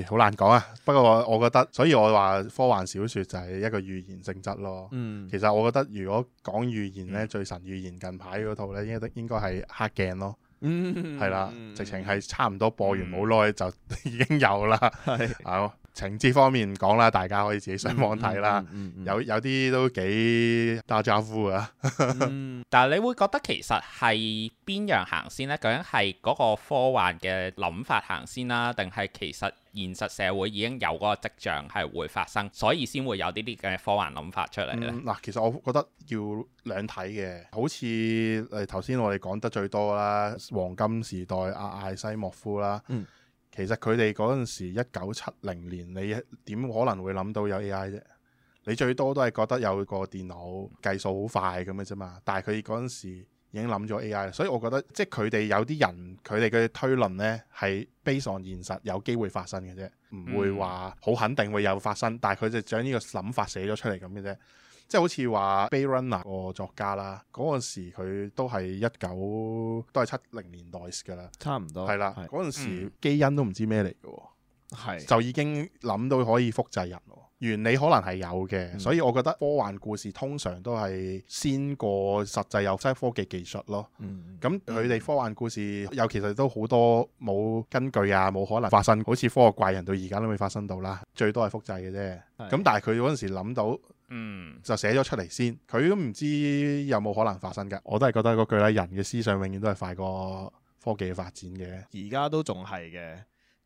係好難講啊。不過我覺得，所以我話科幻小説就係一個預言性質咯。嗯，其實我覺得如果講預言咧，嗯、最神預言近排嗰套咧，應該應該係黑鏡咯。嗯，係啦了，嗯、直情係差唔多播完冇耐、嗯、就已經有啦，係是，好。 [laughs] 情節方面講啦，大家可以自己上網睇啦。嗯嗯嗯嗯、有有啲都幾打招呼㗎。 [laughs] 但係你會覺得其實係邊樣行先呢？究竟係嗰個科幻嘅諗法行先啦，定係其實現實社會已經有嗰個跡象係會發生，所以先會有呢啲嘅科幻諗法出嚟呢？嗱、嗯，其實我覺得要兩睇嘅。好似誒頭先我哋講得最多啦，黃金時代阿艾西莫夫啦。嗯其實佢哋嗰陣時一九七零年，你點可能會諗到有 AI 啫？你最多都係覺得有個電腦計數好快咁嘅啫嘛。但係佢哋嗰陣時已經諗咗 AI，所以我覺得即係佢哋有啲人佢哋嘅推論呢，係 base on 現實有機會發生嘅啫，唔會話好肯定會有發生。但係佢就將呢個諗法寫咗出嚟咁嘅啫。即係好似話，Blade Runner 嗰個作家啦，嗰、那、陣、個、時佢都係一九，都係七零年代嘅啦，差唔多係啦。嗰陣的的時基因都唔知咩嚟嘅，係、嗯、就已經諗到可以複製人，原理可能係有嘅。嗯、所以我覺得科幻故事通常都係先過實際有，即科技技術咯。咁佢哋科幻故事其有其實都好多冇根據啊，冇可能發生。好似科學怪人到而家都未發生到啦，最多係複製嘅啫。咁的但係佢嗰陣時諗到。嗯，就寫咗出嚟先，佢都唔知有冇可能發生㗎。我都係覺得嗰句啦，人嘅思想永遠都係快過科技嘅發展嘅，而家都仲係嘅，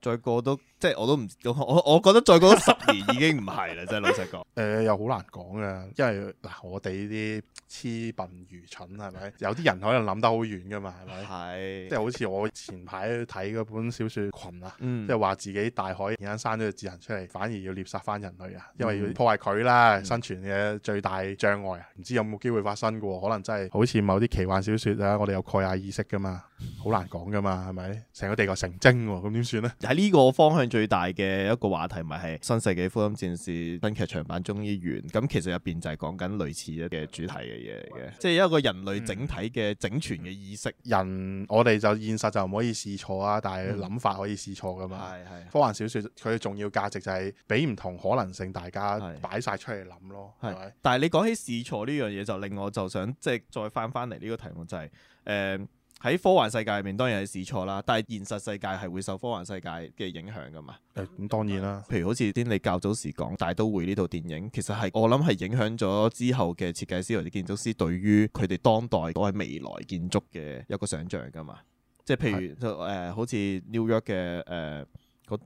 再過都。即係我都唔，我我覺得再過十年已經唔係啦，真係 [laughs] 老實講。誒、呃、又好難講㗎，因為嗱我哋呢啲痴笨愚蠢係咪？有啲人可能諗得遠是好遠㗎嘛，係咪？係，即係好似我前排睇嗰本小說《群》啊，即係話自己大海突然間生咗隻智人出嚟，反而要獵殺翻人類啊，因為要破壞佢啦、嗯、生存嘅最大障礙啊！唔知有冇機會發生㗎，可能真係好似某啲奇幻小說啊，我哋有蓋亞意識㗎嘛，好難講㗎嘛，係咪？成個地球成精喎，咁點算咧？喺呢個方向。最大嘅一個話題咪係《新世紀福音戰士》新劇場版終於完。咁其實入邊就係講緊類似一嘅主題嘅嘢嚟嘅，即、就、係、是、一個人類整體嘅、嗯、整全嘅意識。人我哋就現實就唔可以試錯啊，但係諗法可以試錯噶、嗯、嘛。科幻小說佢嘅重要價值就係俾唔同可能性，大家擺晒出嚟諗咯。係是吧。但係你講起試錯呢樣嘢，就令我就想即係、就是、再翻翻嚟呢個題目就係、是、誒。嗯喺科幻世界入面當然係試錯啦，但係現實世界係會受科幻世界嘅影響噶嘛？咁、嗯、當然啦，譬如好似啲你較早時講《大都會》呢套電影，其實係我諗係影響咗之後嘅設計師或者建築師對於佢哋當代所謂未來建築嘅一個想像㗎嘛？即係譬如就誒是、呃，好似 New York 嘅誒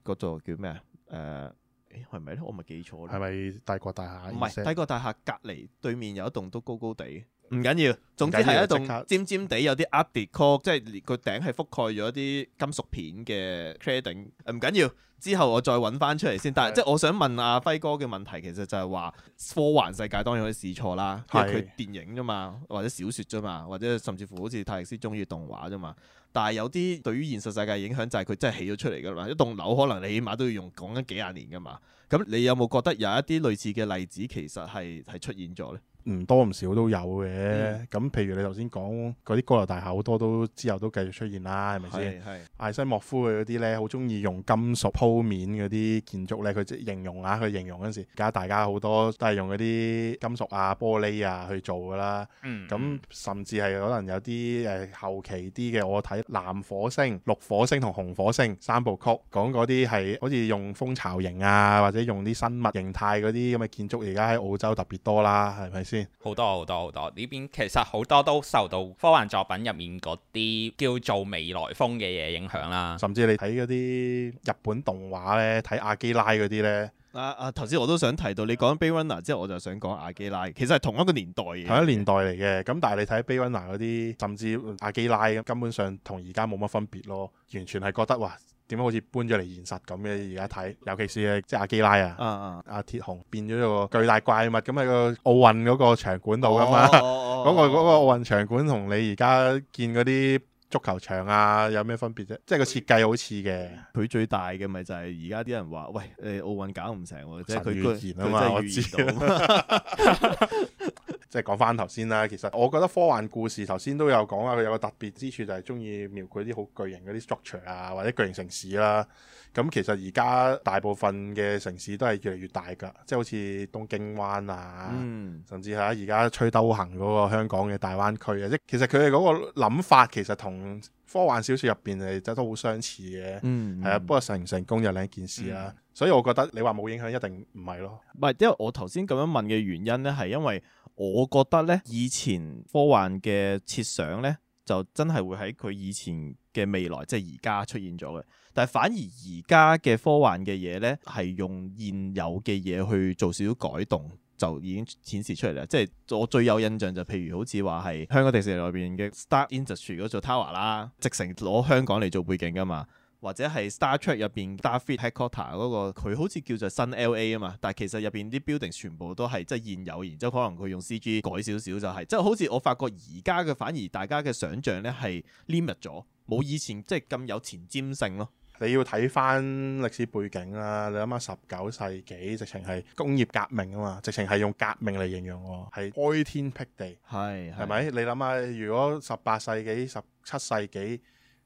嗰座叫咩啊？誒係咪咧？我咪記錯咧？係咪大國大廈 S S？唔係大國大廈隔離對面有一棟都高高地。唔緊要，總之係一棟尖尖地上有啲 Art Deco，即係連個頂係覆蓋咗啲金屬片嘅 cladding，唔緊要，之後我再揾翻出嚟先。但係是的 即係我想問阿輝哥嘅問題，其實就係話科幻世界當然可以試錯啦，佢是的 電影啫嘛，或者小説啫嘛，或者甚至乎好似泰勒斯鍾意動畫啫嘛。但係有啲對於現實世界影響就係佢真係起咗出嚟噶嘛。一棟樓可能你起碼都要用講緊幾廿年噶嘛。咁你有冇覺得有一啲類似嘅例子其實係係出現咗呢？唔多唔少都有嘅，咁、嗯、譬如你頭先講嗰啲高樓大廈，好多都之後都繼續出現啦，係咪先？艾西莫夫佢嗰啲咧，好中意用金屬鋪面嗰啲建築咧，佢即形容啊，佢形容嗰時，而家大家好多都係用嗰啲金屬啊、玻璃啊去做噶啦。嗯。咁甚至係可能有啲誒後期啲嘅，我睇藍火星、綠火星同紅火星三部曲，講嗰啲係好似用蜂巢型啊，或者用啲生物形態嗰啲咁嘅建築，而家喺澳洲特別多啦，係咪先？好多好多好多呢邊，其實好多都受到科幻作品入面嗰啲叫做未來風嘅嘢影響啦。甚至你睇嗰啲日本動畫咧，睇阿基拉嗰啲咧。啊啊，頭先我都想提到你講咗《Blade Runner》之後，我就想講阿基拉。其實係同一個年代嘅，同一年代嚟嘅。咁但係你睇《Blade Runner》嗰啲，甚至阿基拉咁，根本上同而家冇乜分別咯，完全係覺得哇。點解好似搬咗嚟現實咁嘅？而家睇，尤其是即係阿基拉啊，阿、啊啊、鐵雄變咗一個巨大怪物咁喺、就係、個奧運嗰個場館度啊嘛。嗰、哦哦哦 [laughs] 嗰個嗰、嗰個奧運場館同你而家見嗰啲足球場啊，有咩分別啫？即係個設計好似嘅。佢最大嘅咪就係而家啲人話，喂，誒、呃、奧運搞唔成，即係佢佢佢真係預言啊嘛 [laughs] [laughs] 即係講翻頭先啦，其實我覺得科幻故事頭先都有講啦，佢有個特別之處就係中意描繪啲好巨型嗰啲 structure 啊，或者巨型城市啦。咁其實而家大部分嘅城市都係越嚟越大㗎，即係好似東京灣啊，嗯、甚至係而家吹兜行嗰個香港嘅大灣區啊，即其實佢哋嗰個諗法其實同。科幻小說入邊係真係都好相似嘅。係啊，嗯，係，不過成唔成功又另一件事啦。嗯，所以我覺得你話冇影響一定唔係咯。唔係，因為我頭先咁樣問嘅原因咧，係因為我覺得咧以前科幻嘅設想咧，就真係會喺佢以前嘅未來，即係而家出現咗嘅。但係反而而家嘅科幻嘅嘢咧，係用現有嘅嘢去做少少改動。就已經顯示出嚟啦，即係我最有印象就譬如好似話係香港迪士尼入邊嘅 Star Industries 嗰座 tower 啦，直成攞香港嚟做背景噶嘛，或者係 Star Trek 入邊 Starfleet headquarter 嗰個，佢好似叫做新 LA 啊嘛，但係其實入邊啲 building 全部都係即係現有，然之後可能佢用 CG 改少少就係，即係好似我發覺而家嘅反而大家嘅想像咧係 limit 咗，冇以前即係咁有前瞻性咯。你要睇返歷史背景啦，你諗下十九世紀直情係工業革命啊嘛，直情係用革命嚟形容喎，係開天闢地，係係咪？你諗下，如果十八世紀、十七世紀。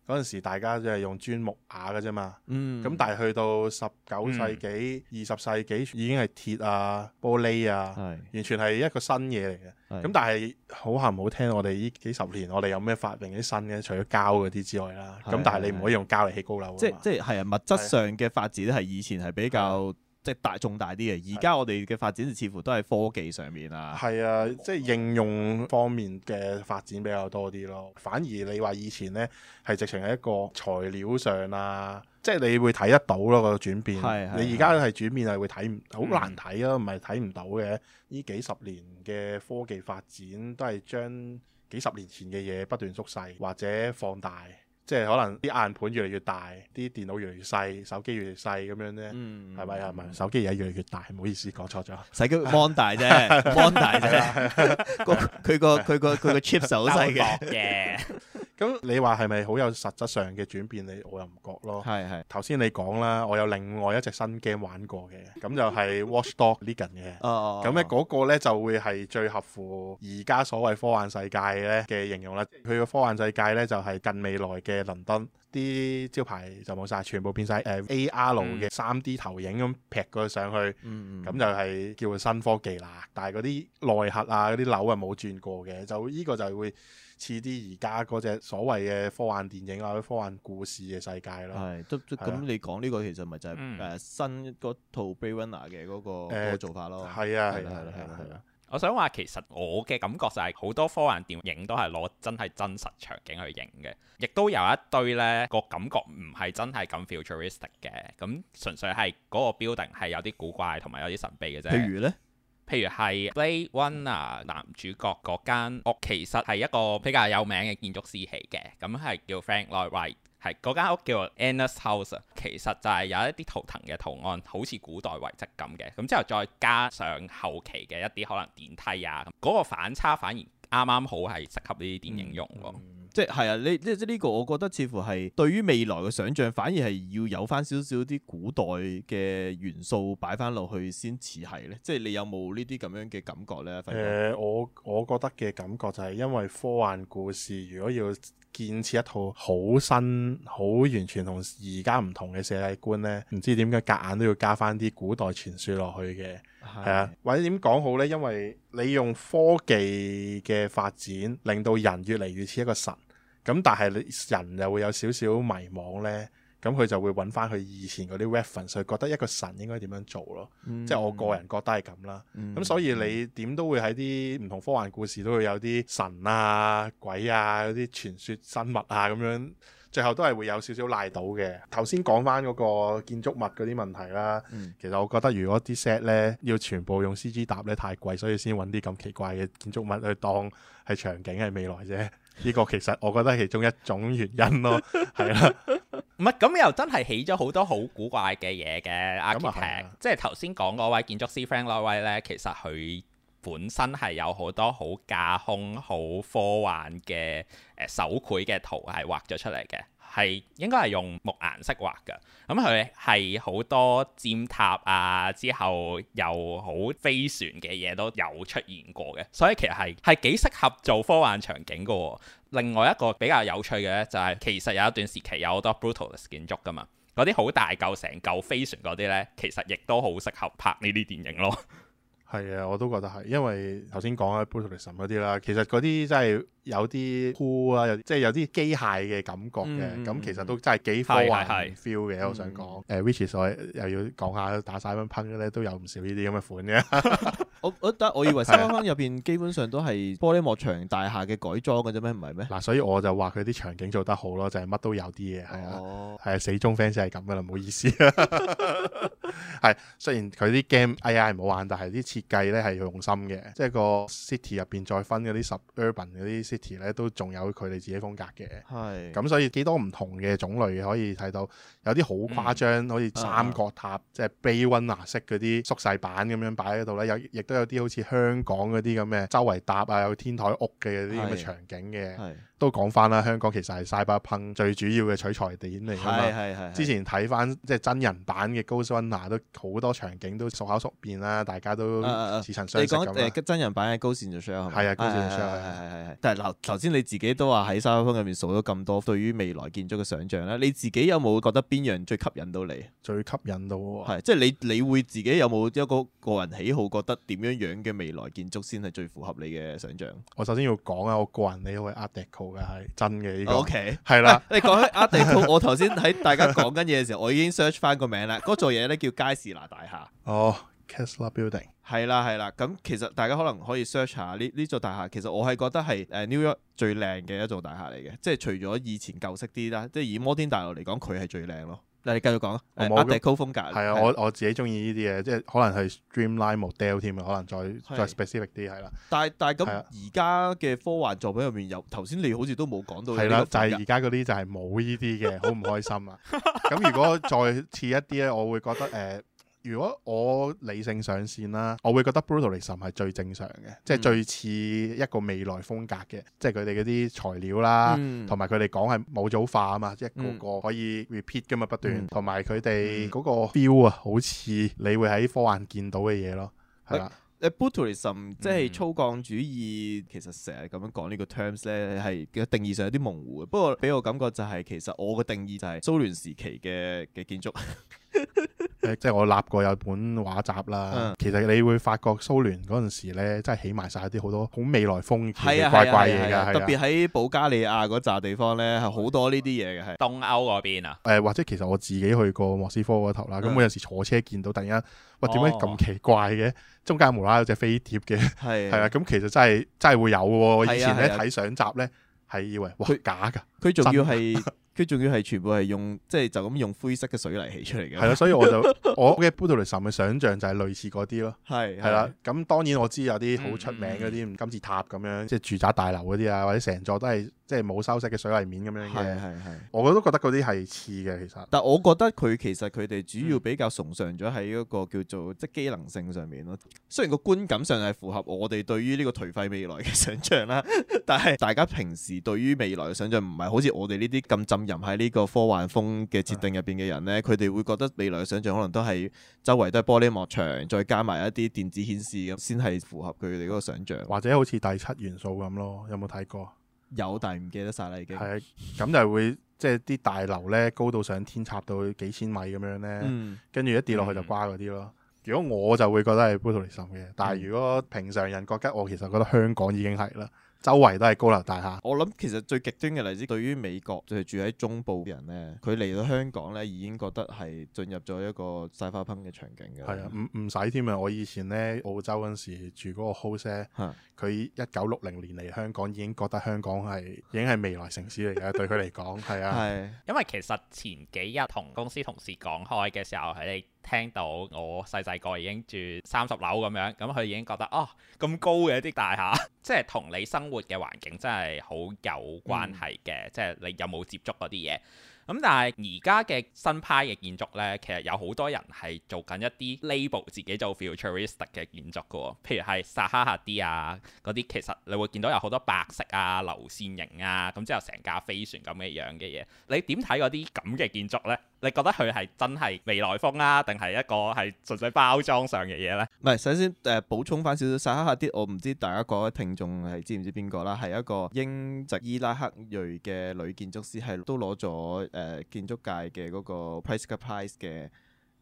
嗰陣時大家就係用磚木瓦嘅啫嘛，咁、嗯、但係去到十九世紀、二十、嗯、世紀已經係鐵啊、玻璃啊，是完全係一個新嘢嚟嘅。咁是但係好行唔好聽，我哋依幾十年我哋有咩發明啲新嘅？除咗膠嗰啲之外啦，咁是但係你唔可以用膠嚟起高樓即即係啊，物質上嘅發展係以前係比較。即係大重大啲嘅，而家我哋嘅發展似乎都係科技上面啊。係啊、嗯，即係應用方面嘅發展比較多啲咯。反而你話以前咧，係直情係一個材料上啊，即係你會睇得到咯個轉變，你而家係轉變係會睇唔好難睇啊，唔係睇唔到嘅。呢幾十年嘅科技發展都係將幾十年前嘅嘢不斷縮細或者放大。即係可能啲硬盤越嚟越大，啲電腦越嚟越細，手機越嚟越細咁樣咧，係咪啊？係咪？手機而家越嚟越大，唔好意思講錯咗。mon 大啫，mon 大啫，個佢個佢個佢個 chip 好細嘅。 [laughs] [laughs] 咁你話係咪好有實質上嘅轉變？你我又唔覺咯。係係頭先你講啦，我有另外一隻新 game 玩過嘅，咁就係 Watch Dogs Legion 嘅。哦，哦哦。咁咧嗰個咧就會係最合乎而家所謂科幻世界咧嘅形容啦。佢嘅科幻世界咧就係近未來嘅倫敦，啲招牌就冇晒，全部變晒誒、呃、AR 嘅三 D 投影咁、嗯、劈佢上去。嗯咁、嗯、就係叫做新科技啦，但係嗰啲內核啊嗰啲樓啊冇轉過嘅，就呢個就會。似啲而家嗰隻所謂嘅科幻電影啊，科幻故事嘅世界啦，都咁是、嗯、你講呢個其實咪就係誒新嗰套《Blade Runner》嘅嗰個做法咯。係、嗯嗯、啊，係啦、啊，係啦、啊，係啦、啊。啊啊啊、我想話其實我嘅感覺就係好多科幻電影都係攞真係真實場景去影嘅，亦都有一堆呢個感覺唔係真係咁 futuristic 嘅，咁純粹係嗰個 building 係有啲古怪同埋有啲神秘嘅啫。譬如呢。譬如係《Blade Runner》啊，男主角嗰間屋其實係一個比較有名嘅建築師起嘅，咁係叫 Frank Lloyd Wright，係嗰間屋叫 Ennis House，其實就係有一啲圖騰嘅圖案，好似古代遺跡咁嘅，咁之後再加上後期嘅一啲可能電梯啊，嗰個反差反而啱啱好係適合呢啲電影用。即係啊，你即即呢個，我覺得似乎係對於未來嘅想像，反而係要有翻少少啲古代嘅元素擺翻落去先似係咧。即係你有冇呢啲咁樣嘅感覺咧？誒、呃，我我覺得嘅感覺就係因為科幻故事如果要建設一套好新好完全同而家唔同嘅世界觀咧，唔知點解隔硬都要加翻啲古代傳說落去嘅。係啊，或者點講好呢？因為你用科技嘅發展，令到人越嚟越似一個神，咁但係你人又會有少少迷惘呢，咁佢就會揾翻佢以前嗰啲 reference，佢覺得一個神應該點樣做咯。嗯、即係我個人覺得係咁啦。咁、嗯、所以你點都會喺啲唔同科幻故事都會有啲神啊、鬼啊、嗰啲傳說生物啊咁樣。最後都係會有少少賴到嘅。頭先講翻嗰個建築物嗰啲問題啦，其實我覺得如果啲 set 咧要全部用 CG 搭呢，太貴，所以先揾啲咁奇怪嘅建築物去當係場景係未來啫。呢個其實我覺得其中一種原因咯，係啦。唔係咁又真係起咗好多好古怪嘅嘢嘅 architecture 即係頭先講嗰位建築師 friend 嗰位呢，其實佢。本身係有好多好架空、好科幻嘅誒、呃、手繪嘅圖，係畫咗出嚟嘅，係應該係用木顏色畫嘅。咁佢係好多尖塔啊，之後又好飛船嘅嘢都有出現過嘅，所以其實係係幾適合做科幻場景嘅、哦。另外一個比較有趣嘅呢、就係，就係其實有一段時期有好多 brutalist 建築噶嘛，嗰啲好大嚿成嚿飛船嗰啲呢，其實亦都好適合拍呢啲電影咯。係啊，我都覺得係，因為頭先講開 Brutalism 嗰啲啦，其實嗰啲真係。有啲 cool 啦，即係有啲機械嘅感覺嘅，咁、嗯、其實都真係幾科幻 feel 嘅。我想講，誒 which 我又要講下打晒蚊噴嘅咧，都有唔少呢啲咁嘅款嘅。我我得，我以為沙灘》入邊基本上都係玻璃幕牆大廈嘅改裝嘅啫咩？唔係咩？嗱、啊，所以我就話佢啲場景做得好咯，就係、是、乜都有啲嘢，係啊、哦，係啊，死忠 fans 係咁噶啦，唔好意思。係， [laughs] [laughs] [laughs] 雖然佢啲 game AI 唔好玩，但係啲設計咧係用心嘅，即係個 city 入邊再分嗰啲 suburban 嗰啲 city, city。咧都仲有佢哋自己風格嘅，係咁是，所以幾多唔同嘅種類可以睇到。有啲好誇張，好似三角塔，即係卑溫拿式嗰啲縮細版咁樣擺喺度咧。有亦都有啲好似香港嗰啲咁嘅周圍搭啊，有天台屋嘅嗰啲咁嘅場景嘅，都講翻啦。香港其實係 Cyberpunk 最主要嘅取材點嚟㗎嘛。係係係。之前睇翻即係真人版嘅高斯溫拿都好多場景都熟口熟面啦，大家都似曾相識咁樣。你講誒真人版嘅高線就出係啊，高線就出係係係係。但係嗱頭先你自己都話喺 Cyberpunk 入面數咗咁多對於未來建築嘅想像咧，你自己有冇覺得邊？邊樣最吸引到你？最吸引到喎，係即係你你會自己有冇一個個人喜好？覺得點樣樣嘅未來建築先係最符合你嘅想象？我首先要講啊，我個人喜好係 Art Deco 嘅係真嘅，O K 係啦。你講起 Art Deco，我頭先喺大家講緊嘢嘅時候，我已經 search 翻個名啦。嗰座嘢咧，叫佳士拿大廈。哦。Tesla Building 係啦，係啦。咁其實大家可能可以 search 下呢呢座大廈。其實我係覺得係誒 New York 最靚嘅一座大廈嚟嘅，即係除咗以前舊式啲啦。即係以摩天大樓嚟講，佢係最靚咯。嗱，你繼續講、呃、啊，Art Deco 風格係啊，我我自己中意呢啲嘢，即係可能係 Streamline Model 添啊，可能再再 specific 啲係啦。但係但係咁，而家嘅科幻作品入面有頭先你好似都冇講到係啦，就係而家嗰啲就係冇呢啲嘅， [laughs] 好唔開心啊。咁如果再似一啲咧，我會覺得誒。呃如果我理性上線啦，我會覺得 Brutalism 係最正常嘅，即係最似一個未來風格嘅，即係佢哋嗰啲材料啦，同埋佢哋講係模組化啊嘛，一個、嗯、個可以 repeat 噶嘛不斷，同埋佢哋嗰個 feel 啊，好似你會喺科幻見到嘅嘢咯。係啦，誒、uh, Brutalism 即係粗鋼主義，嗯、其實成日咁樣講呢個 terms 咧，係嘅定義上有啲模糊嘅。不過俾我感覺就係、是、其實我嘅定義就係蘇聯時期嘅嘅建築。 [laughs] 誒， [laughs] 即係我立過有本畫集啦。嗯、其實你會發覺蘇聯嗰陣時咧，真係起埋晒啲好多好未來風景嘅怪怪嘢噶。啊啊啊、特別喺保加利亞嗰笪地方咧，係好多呢啲嘢嘅。係東歐嗰邊啊？誒、啊啊呃，或者其實我自己去過莫斯科嗰頭啦。咁我有陣時坐車見到，突然間，喂，點解咁奇怪嘅？哦、中間無啦啦有隻飛碟嘅。係。係啊。咁其實真係真係會有、啊 [laughs] 啊、以前咧睇相集咧，係以為哇假噶。 [laughs] [laughs] 佢仲要係，佢仲要係全部係用，即係就咁、是、用灰色嘅水泥起出嚟嘅。係咯，所以我就我嘅 Brutalism 嘅想象就係類似嗰啲咯。係係啦，咁的當然我知有啲好出名嗰啲金字塔咁樣，即係住宅大樓嗰啲啊，或者成座都係即係冇修飾嘅水泥面咁樣嘅。係係係，我都覺得嗰啲係似嘅，其實。但我覺得佢其實佢哋主要比較崇尚咗喺一個叫做即係機能性上面咯。雖然個觀感上係符合我哋對於呢個頹廢未來嘅想象啦，但係大家平時對於未來嘅想象唔係。好似我哋呢啲咁浸淫喺呢個科幻風嘅設定入邊嘅人咧，佢哋是的 會覺得未來嘅想像可能都係周圍都係玻璃幕牆，再加埋一啲電子顯示咁，先係符合佢哋嗰個想像。或者好似第七元素咁咯，有冇睇過？有，但係唔記得晒啦已經。係啊 [laughs] 咁就會即係啲大樓咧，高到上天插到幾千米咁樣咧，跟住、 [laughs] 嗯、一跌落去就瓜嗰啲咯。嗯、如果我就會覺得係 Brutalism 嘅，但係如果平常人覺得，我其實覺得香港已經係啦。周圍都係高樓大廈，我諗其實最極端嘅例子，對於美國就係住喺中部嘅人咧，佢嚟到香港咧已經覺得係進入咗一個 Cyberpunk 嘅場景嘅。係啊，唔唔使添啊！我以前咧澳洲嗰陣時住嗰個 hostel。啊佢一九六零年嚟香港，已經覺得香港係已經係未來城市嚟嘅， [laughs] 對佢嚟講，係啊。係是。因為其實前幾日同公司同事講開嘅時候，佢哋聽到我細細個已經住三十樓咁樣，咁佢已經覺得哦，咁高嘅一啲大廈，即係同你生活嘅環境真係好有關係嘅，即係、嗯、你有冇接觸嗰啲嘢。咁、嗯、但係而家嘅新派嘅建築呢，其實有好多人係做緊一啲 label，自己做 futuristic 嘅建築㗎喎、哦。譬如係薩哈克啲啊，嗰啲其實你會見到有好多白色啊、流線型啊，咁之後成架飛船咁嘅樣嘅嘢。你點睇嗰啲咁嘅建築呢？你覺得佢係真係未來風啦、啊，定係一個係純粹包裝上嘅嘢呢？唔係，首先誒、呃、補充返少少薩哈克啲，我唔知大家個聽眾係知唔知邊個啦，係一個英籍伊拉克裔嘅女建築師，係都攞咗。呃誒建築界嘅嗰個 Pritzker Prize 嘅，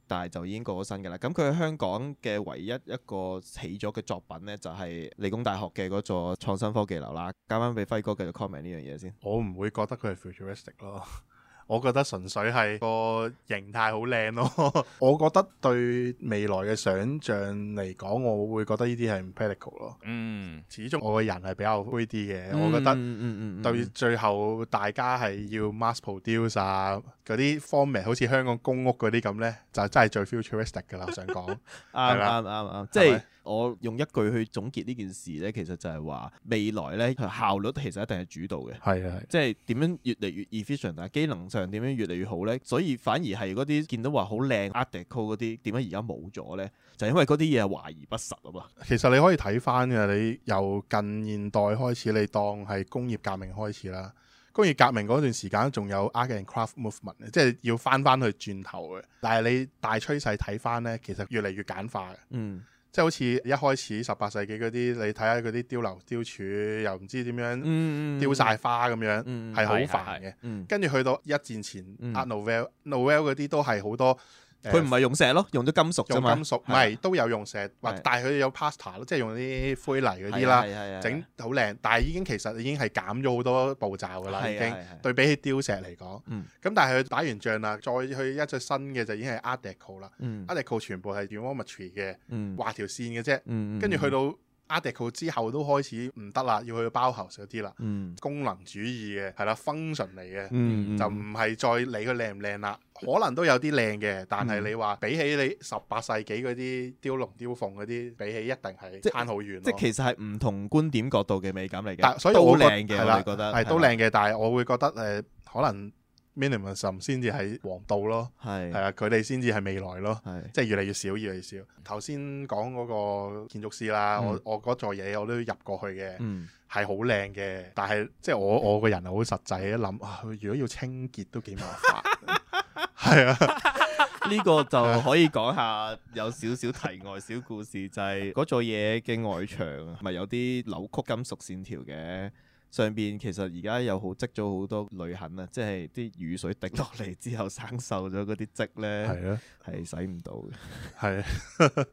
但係就已經過咗身㗎啦。咁佢喺香港嘅唯一一個起咗嘅作品呢，就係、是、理工大學嘅嗰座創新科技樓啦。交翻俾輝哥繼續 comment 呢樣嘢先。我唔會覺得佢係 futuristic 咯。我覺得純粹係個形態好靚咯， [laughs] 我覺得對未來嘅想像嚟講，我會覺得呢啲係 empirical 咯。嗯、始終我個人係比較灰啲嘅，嗯、我覺得到最後大家係要 mass produce 啊。嗰啲 format 好似香港公屋嗰啲咁咧，就真係最 futuristic 噶啦。我想講，啱啱啱啱，即係我用一句去總結呢件事咧，其實就係話未來咧，效率其實一定係主導嘅，係啊，即係點樣越嚟越 efficient，但係機能上點樣越嚟越好咧？所以反而係嗰啲見到話好靚 Art Deco 嗰啲，點解而家冇咗咧？就係、因為嗰啲嘢華而不實啊嘛。 [music] 其實你可以睇翻嘅，你由近現代開始，你當係工業革命開始啦。工業革命嗰段時間仲有 Arts and Crafts Movement，即係要翻翻去轉頭嘅。但係你大趨勢睇翻咧，其實越嚟越簡化嘅。嗯、即係好似一開始十八世紀嗰啲，你睇下嗰啲雕樓雕柱，又唔知點樣雕晒花咁樣，係好、嗯、煩嘅。跟住、嗯、去到一戰前，Art Nouveau、Nouveau 嗰啲都係好多。佢唔係用石咯，用咗金屬啫，用金屬，唔係都有用石，啊、但係佢有 pasta 咯，即係用啲灰泥嗰啲啦，整好靚。但係已經其實已經係減咗好多步驟㗎啦，已經對比起雕石嚟講。咁、嗯、但係佢打完仗啦，再去一隻新嘅就已經係 Art Deco 啦、嗯。Art Deco 全部係 geometry 嘅，畫條線嘅啫，跟住去到。阿迪 t 之後都開始唔得啦，要去包喉少啲啦。功能主義嘅係啦，function 嚟嘅，就唔係再理佢靚唔靚啦。可能都有啲靚嘅，但係你話比起你十八世紀嗰啲雕龍雕鳳嗰啲，比起一定係差好遠。即其實係唔同觀點角度嘅美感嚟嘅，都好靚嘅。我哋覺得係都靚嘅，但係我會覺得誒可能。minimum sum 先至係王道咯，係係啊，佢哋先至係未來咯，係是即係越嚟越少，越嚟越少。頭先講嗰個建築師啦，嗯、我我嗰座嘢我都入過去嘅，係好靚嘅，但係即係我我個人係好實際一諗啊，如果要清潔都幾麻煩，係 [laughs] 啊，呢個就可以講下有少少題外小故事，就係、是、嗰座嘢嘅外牆係咪有啲扭曲金屬線條嘅？上邊其實而家有好積咗好多淚痕啊，即係啲雨水滴落嚟之後生鏽咗嗰啲積呢，係啊是的 的，係洗唔到嘅，係，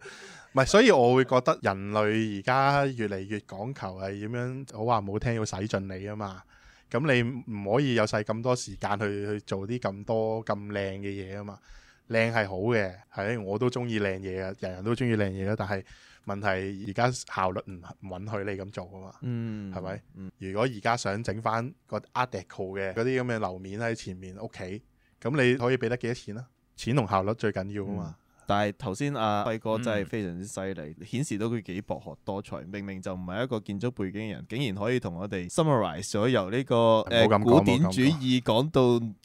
唔係？所以我會覺得人類而家越嚟越講求係點樣？好話唔好聽，要洗盡你啊嘛！咁你唔可以有晒咁多時間去去做啲咁多咁靚嘅嘢啊嘛！靚係好嘅，係我都中意靚嘢啊，人人都中意靚嘢啦，但係。問題而家效率唔允許你咁做啊嘛，係咪？如果而家想整翻個 Art Deco 嘅嗰啲咁嘅樓面喺前面屋企，咁你可以俾得幾多錢啊？錢同效率最緊要啊嘛。嗯但係頭先阿輝哥真係非常之犀利，嗯、顯示到佢幾博學多才。明明就唔係一個建築背景嘅人，竟然可以同我哋、這個、summarize 所由呢個誒古典主義講到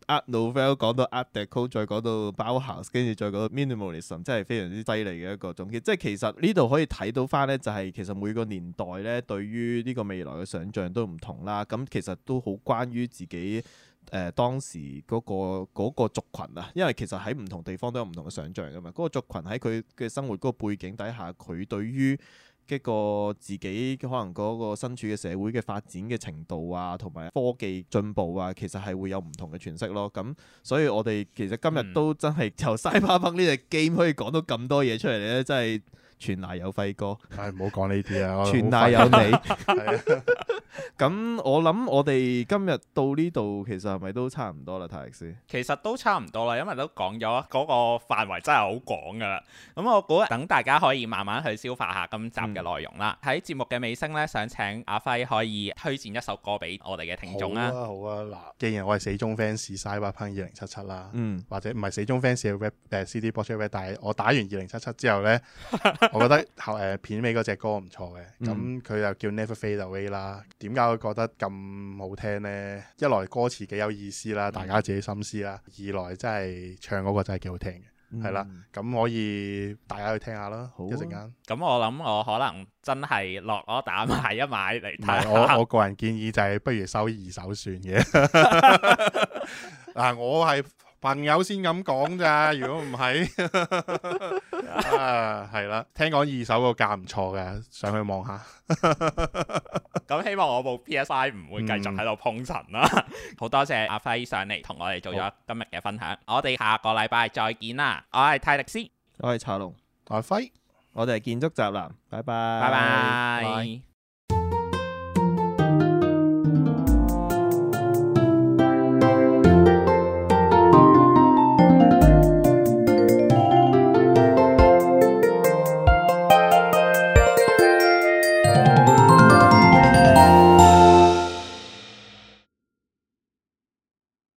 Art Nouveau，講到 Art Deco，再講到 Bauhaus 跟住再講 minimalism，真係非常之犀利嘅一個總結。即係其實呢度可以睇到翻咧，就係其實每個年代咧對於呢個未來嘅想像都唔同啦。咁其實都好關於自己。誒、呃、當時嗰、嗰個嗰個族群啊，因為其實喺唔同地方都有唔同嘅想象噶嘛。嗰、嗰個族群喺佢嘅生活嗰個背景底下，佢對於一個自己可能嗰個身處嘅社會嘅發展嘅程度啊，同埋科技進步啊，其實係會有唔同嘅詮釋咯。咁所以我哋其實今日都真係由、嗯 Cyberpunk 呢隻 game 可以講到咁多嘢出嚟咧，真係～全賴有輝哥，唉、哎，唔好講呢啲啊！全賴有你，咁我諗我哋今日到呢度，其實係咪都差唔多啦？泰歷斯其實都差唔多啦，因為都講咗嗰個範圍真係好廣噶啦。咁我估等大家可以慢慢去消化下今集嘅內容啦。喺、嗯、節目嘅尾聲咧，想請阿輝可以推薦一首歌俾我哋嘅聽眾啦。好啊，好啊。嗱，既然我係死忠 fans，Cyberpunk 二零七七啦，嗯，或者唔係死忠 fans 嘅 rap 誒、呃、CD box set 但係我打完二零七七之後咧。 [laughs] [laughs] 我覺得後誒片尾嗰隻歌唔錯嘅，咁佢又叫 Never Fade Away 啦。點解會覺得咁好聽呢？一來歌詞幾有意思啦，嗯、大家自己心思啦；二來真係唱嗰個真係幾好聽嘅，係、嗯、啦。咁可以大家去聽下咯。啊、一陣間。咁、嗯、我諗我可能真係落我打埋一買嚟睇。我我個人建議就係不如收二手算嘅。啊，我係。朋友先咁講咋， [laughs] 如果唔係，係啦、 [laughs] [laughs] 啊，聽講二手個價唔錯嘅，上去望下。咁希望我部 PSI 唔會繼續喺度碰塵啦。嗯、 [laughs] 好多謝阿輝上嚟同我哋做咗今日嘅分享，好我哋下個禮拜再見啦。我係泰力斯，我係茶龍，阿輝，我哋係建築宅男，拜拜，拜拜 bye。Bye bye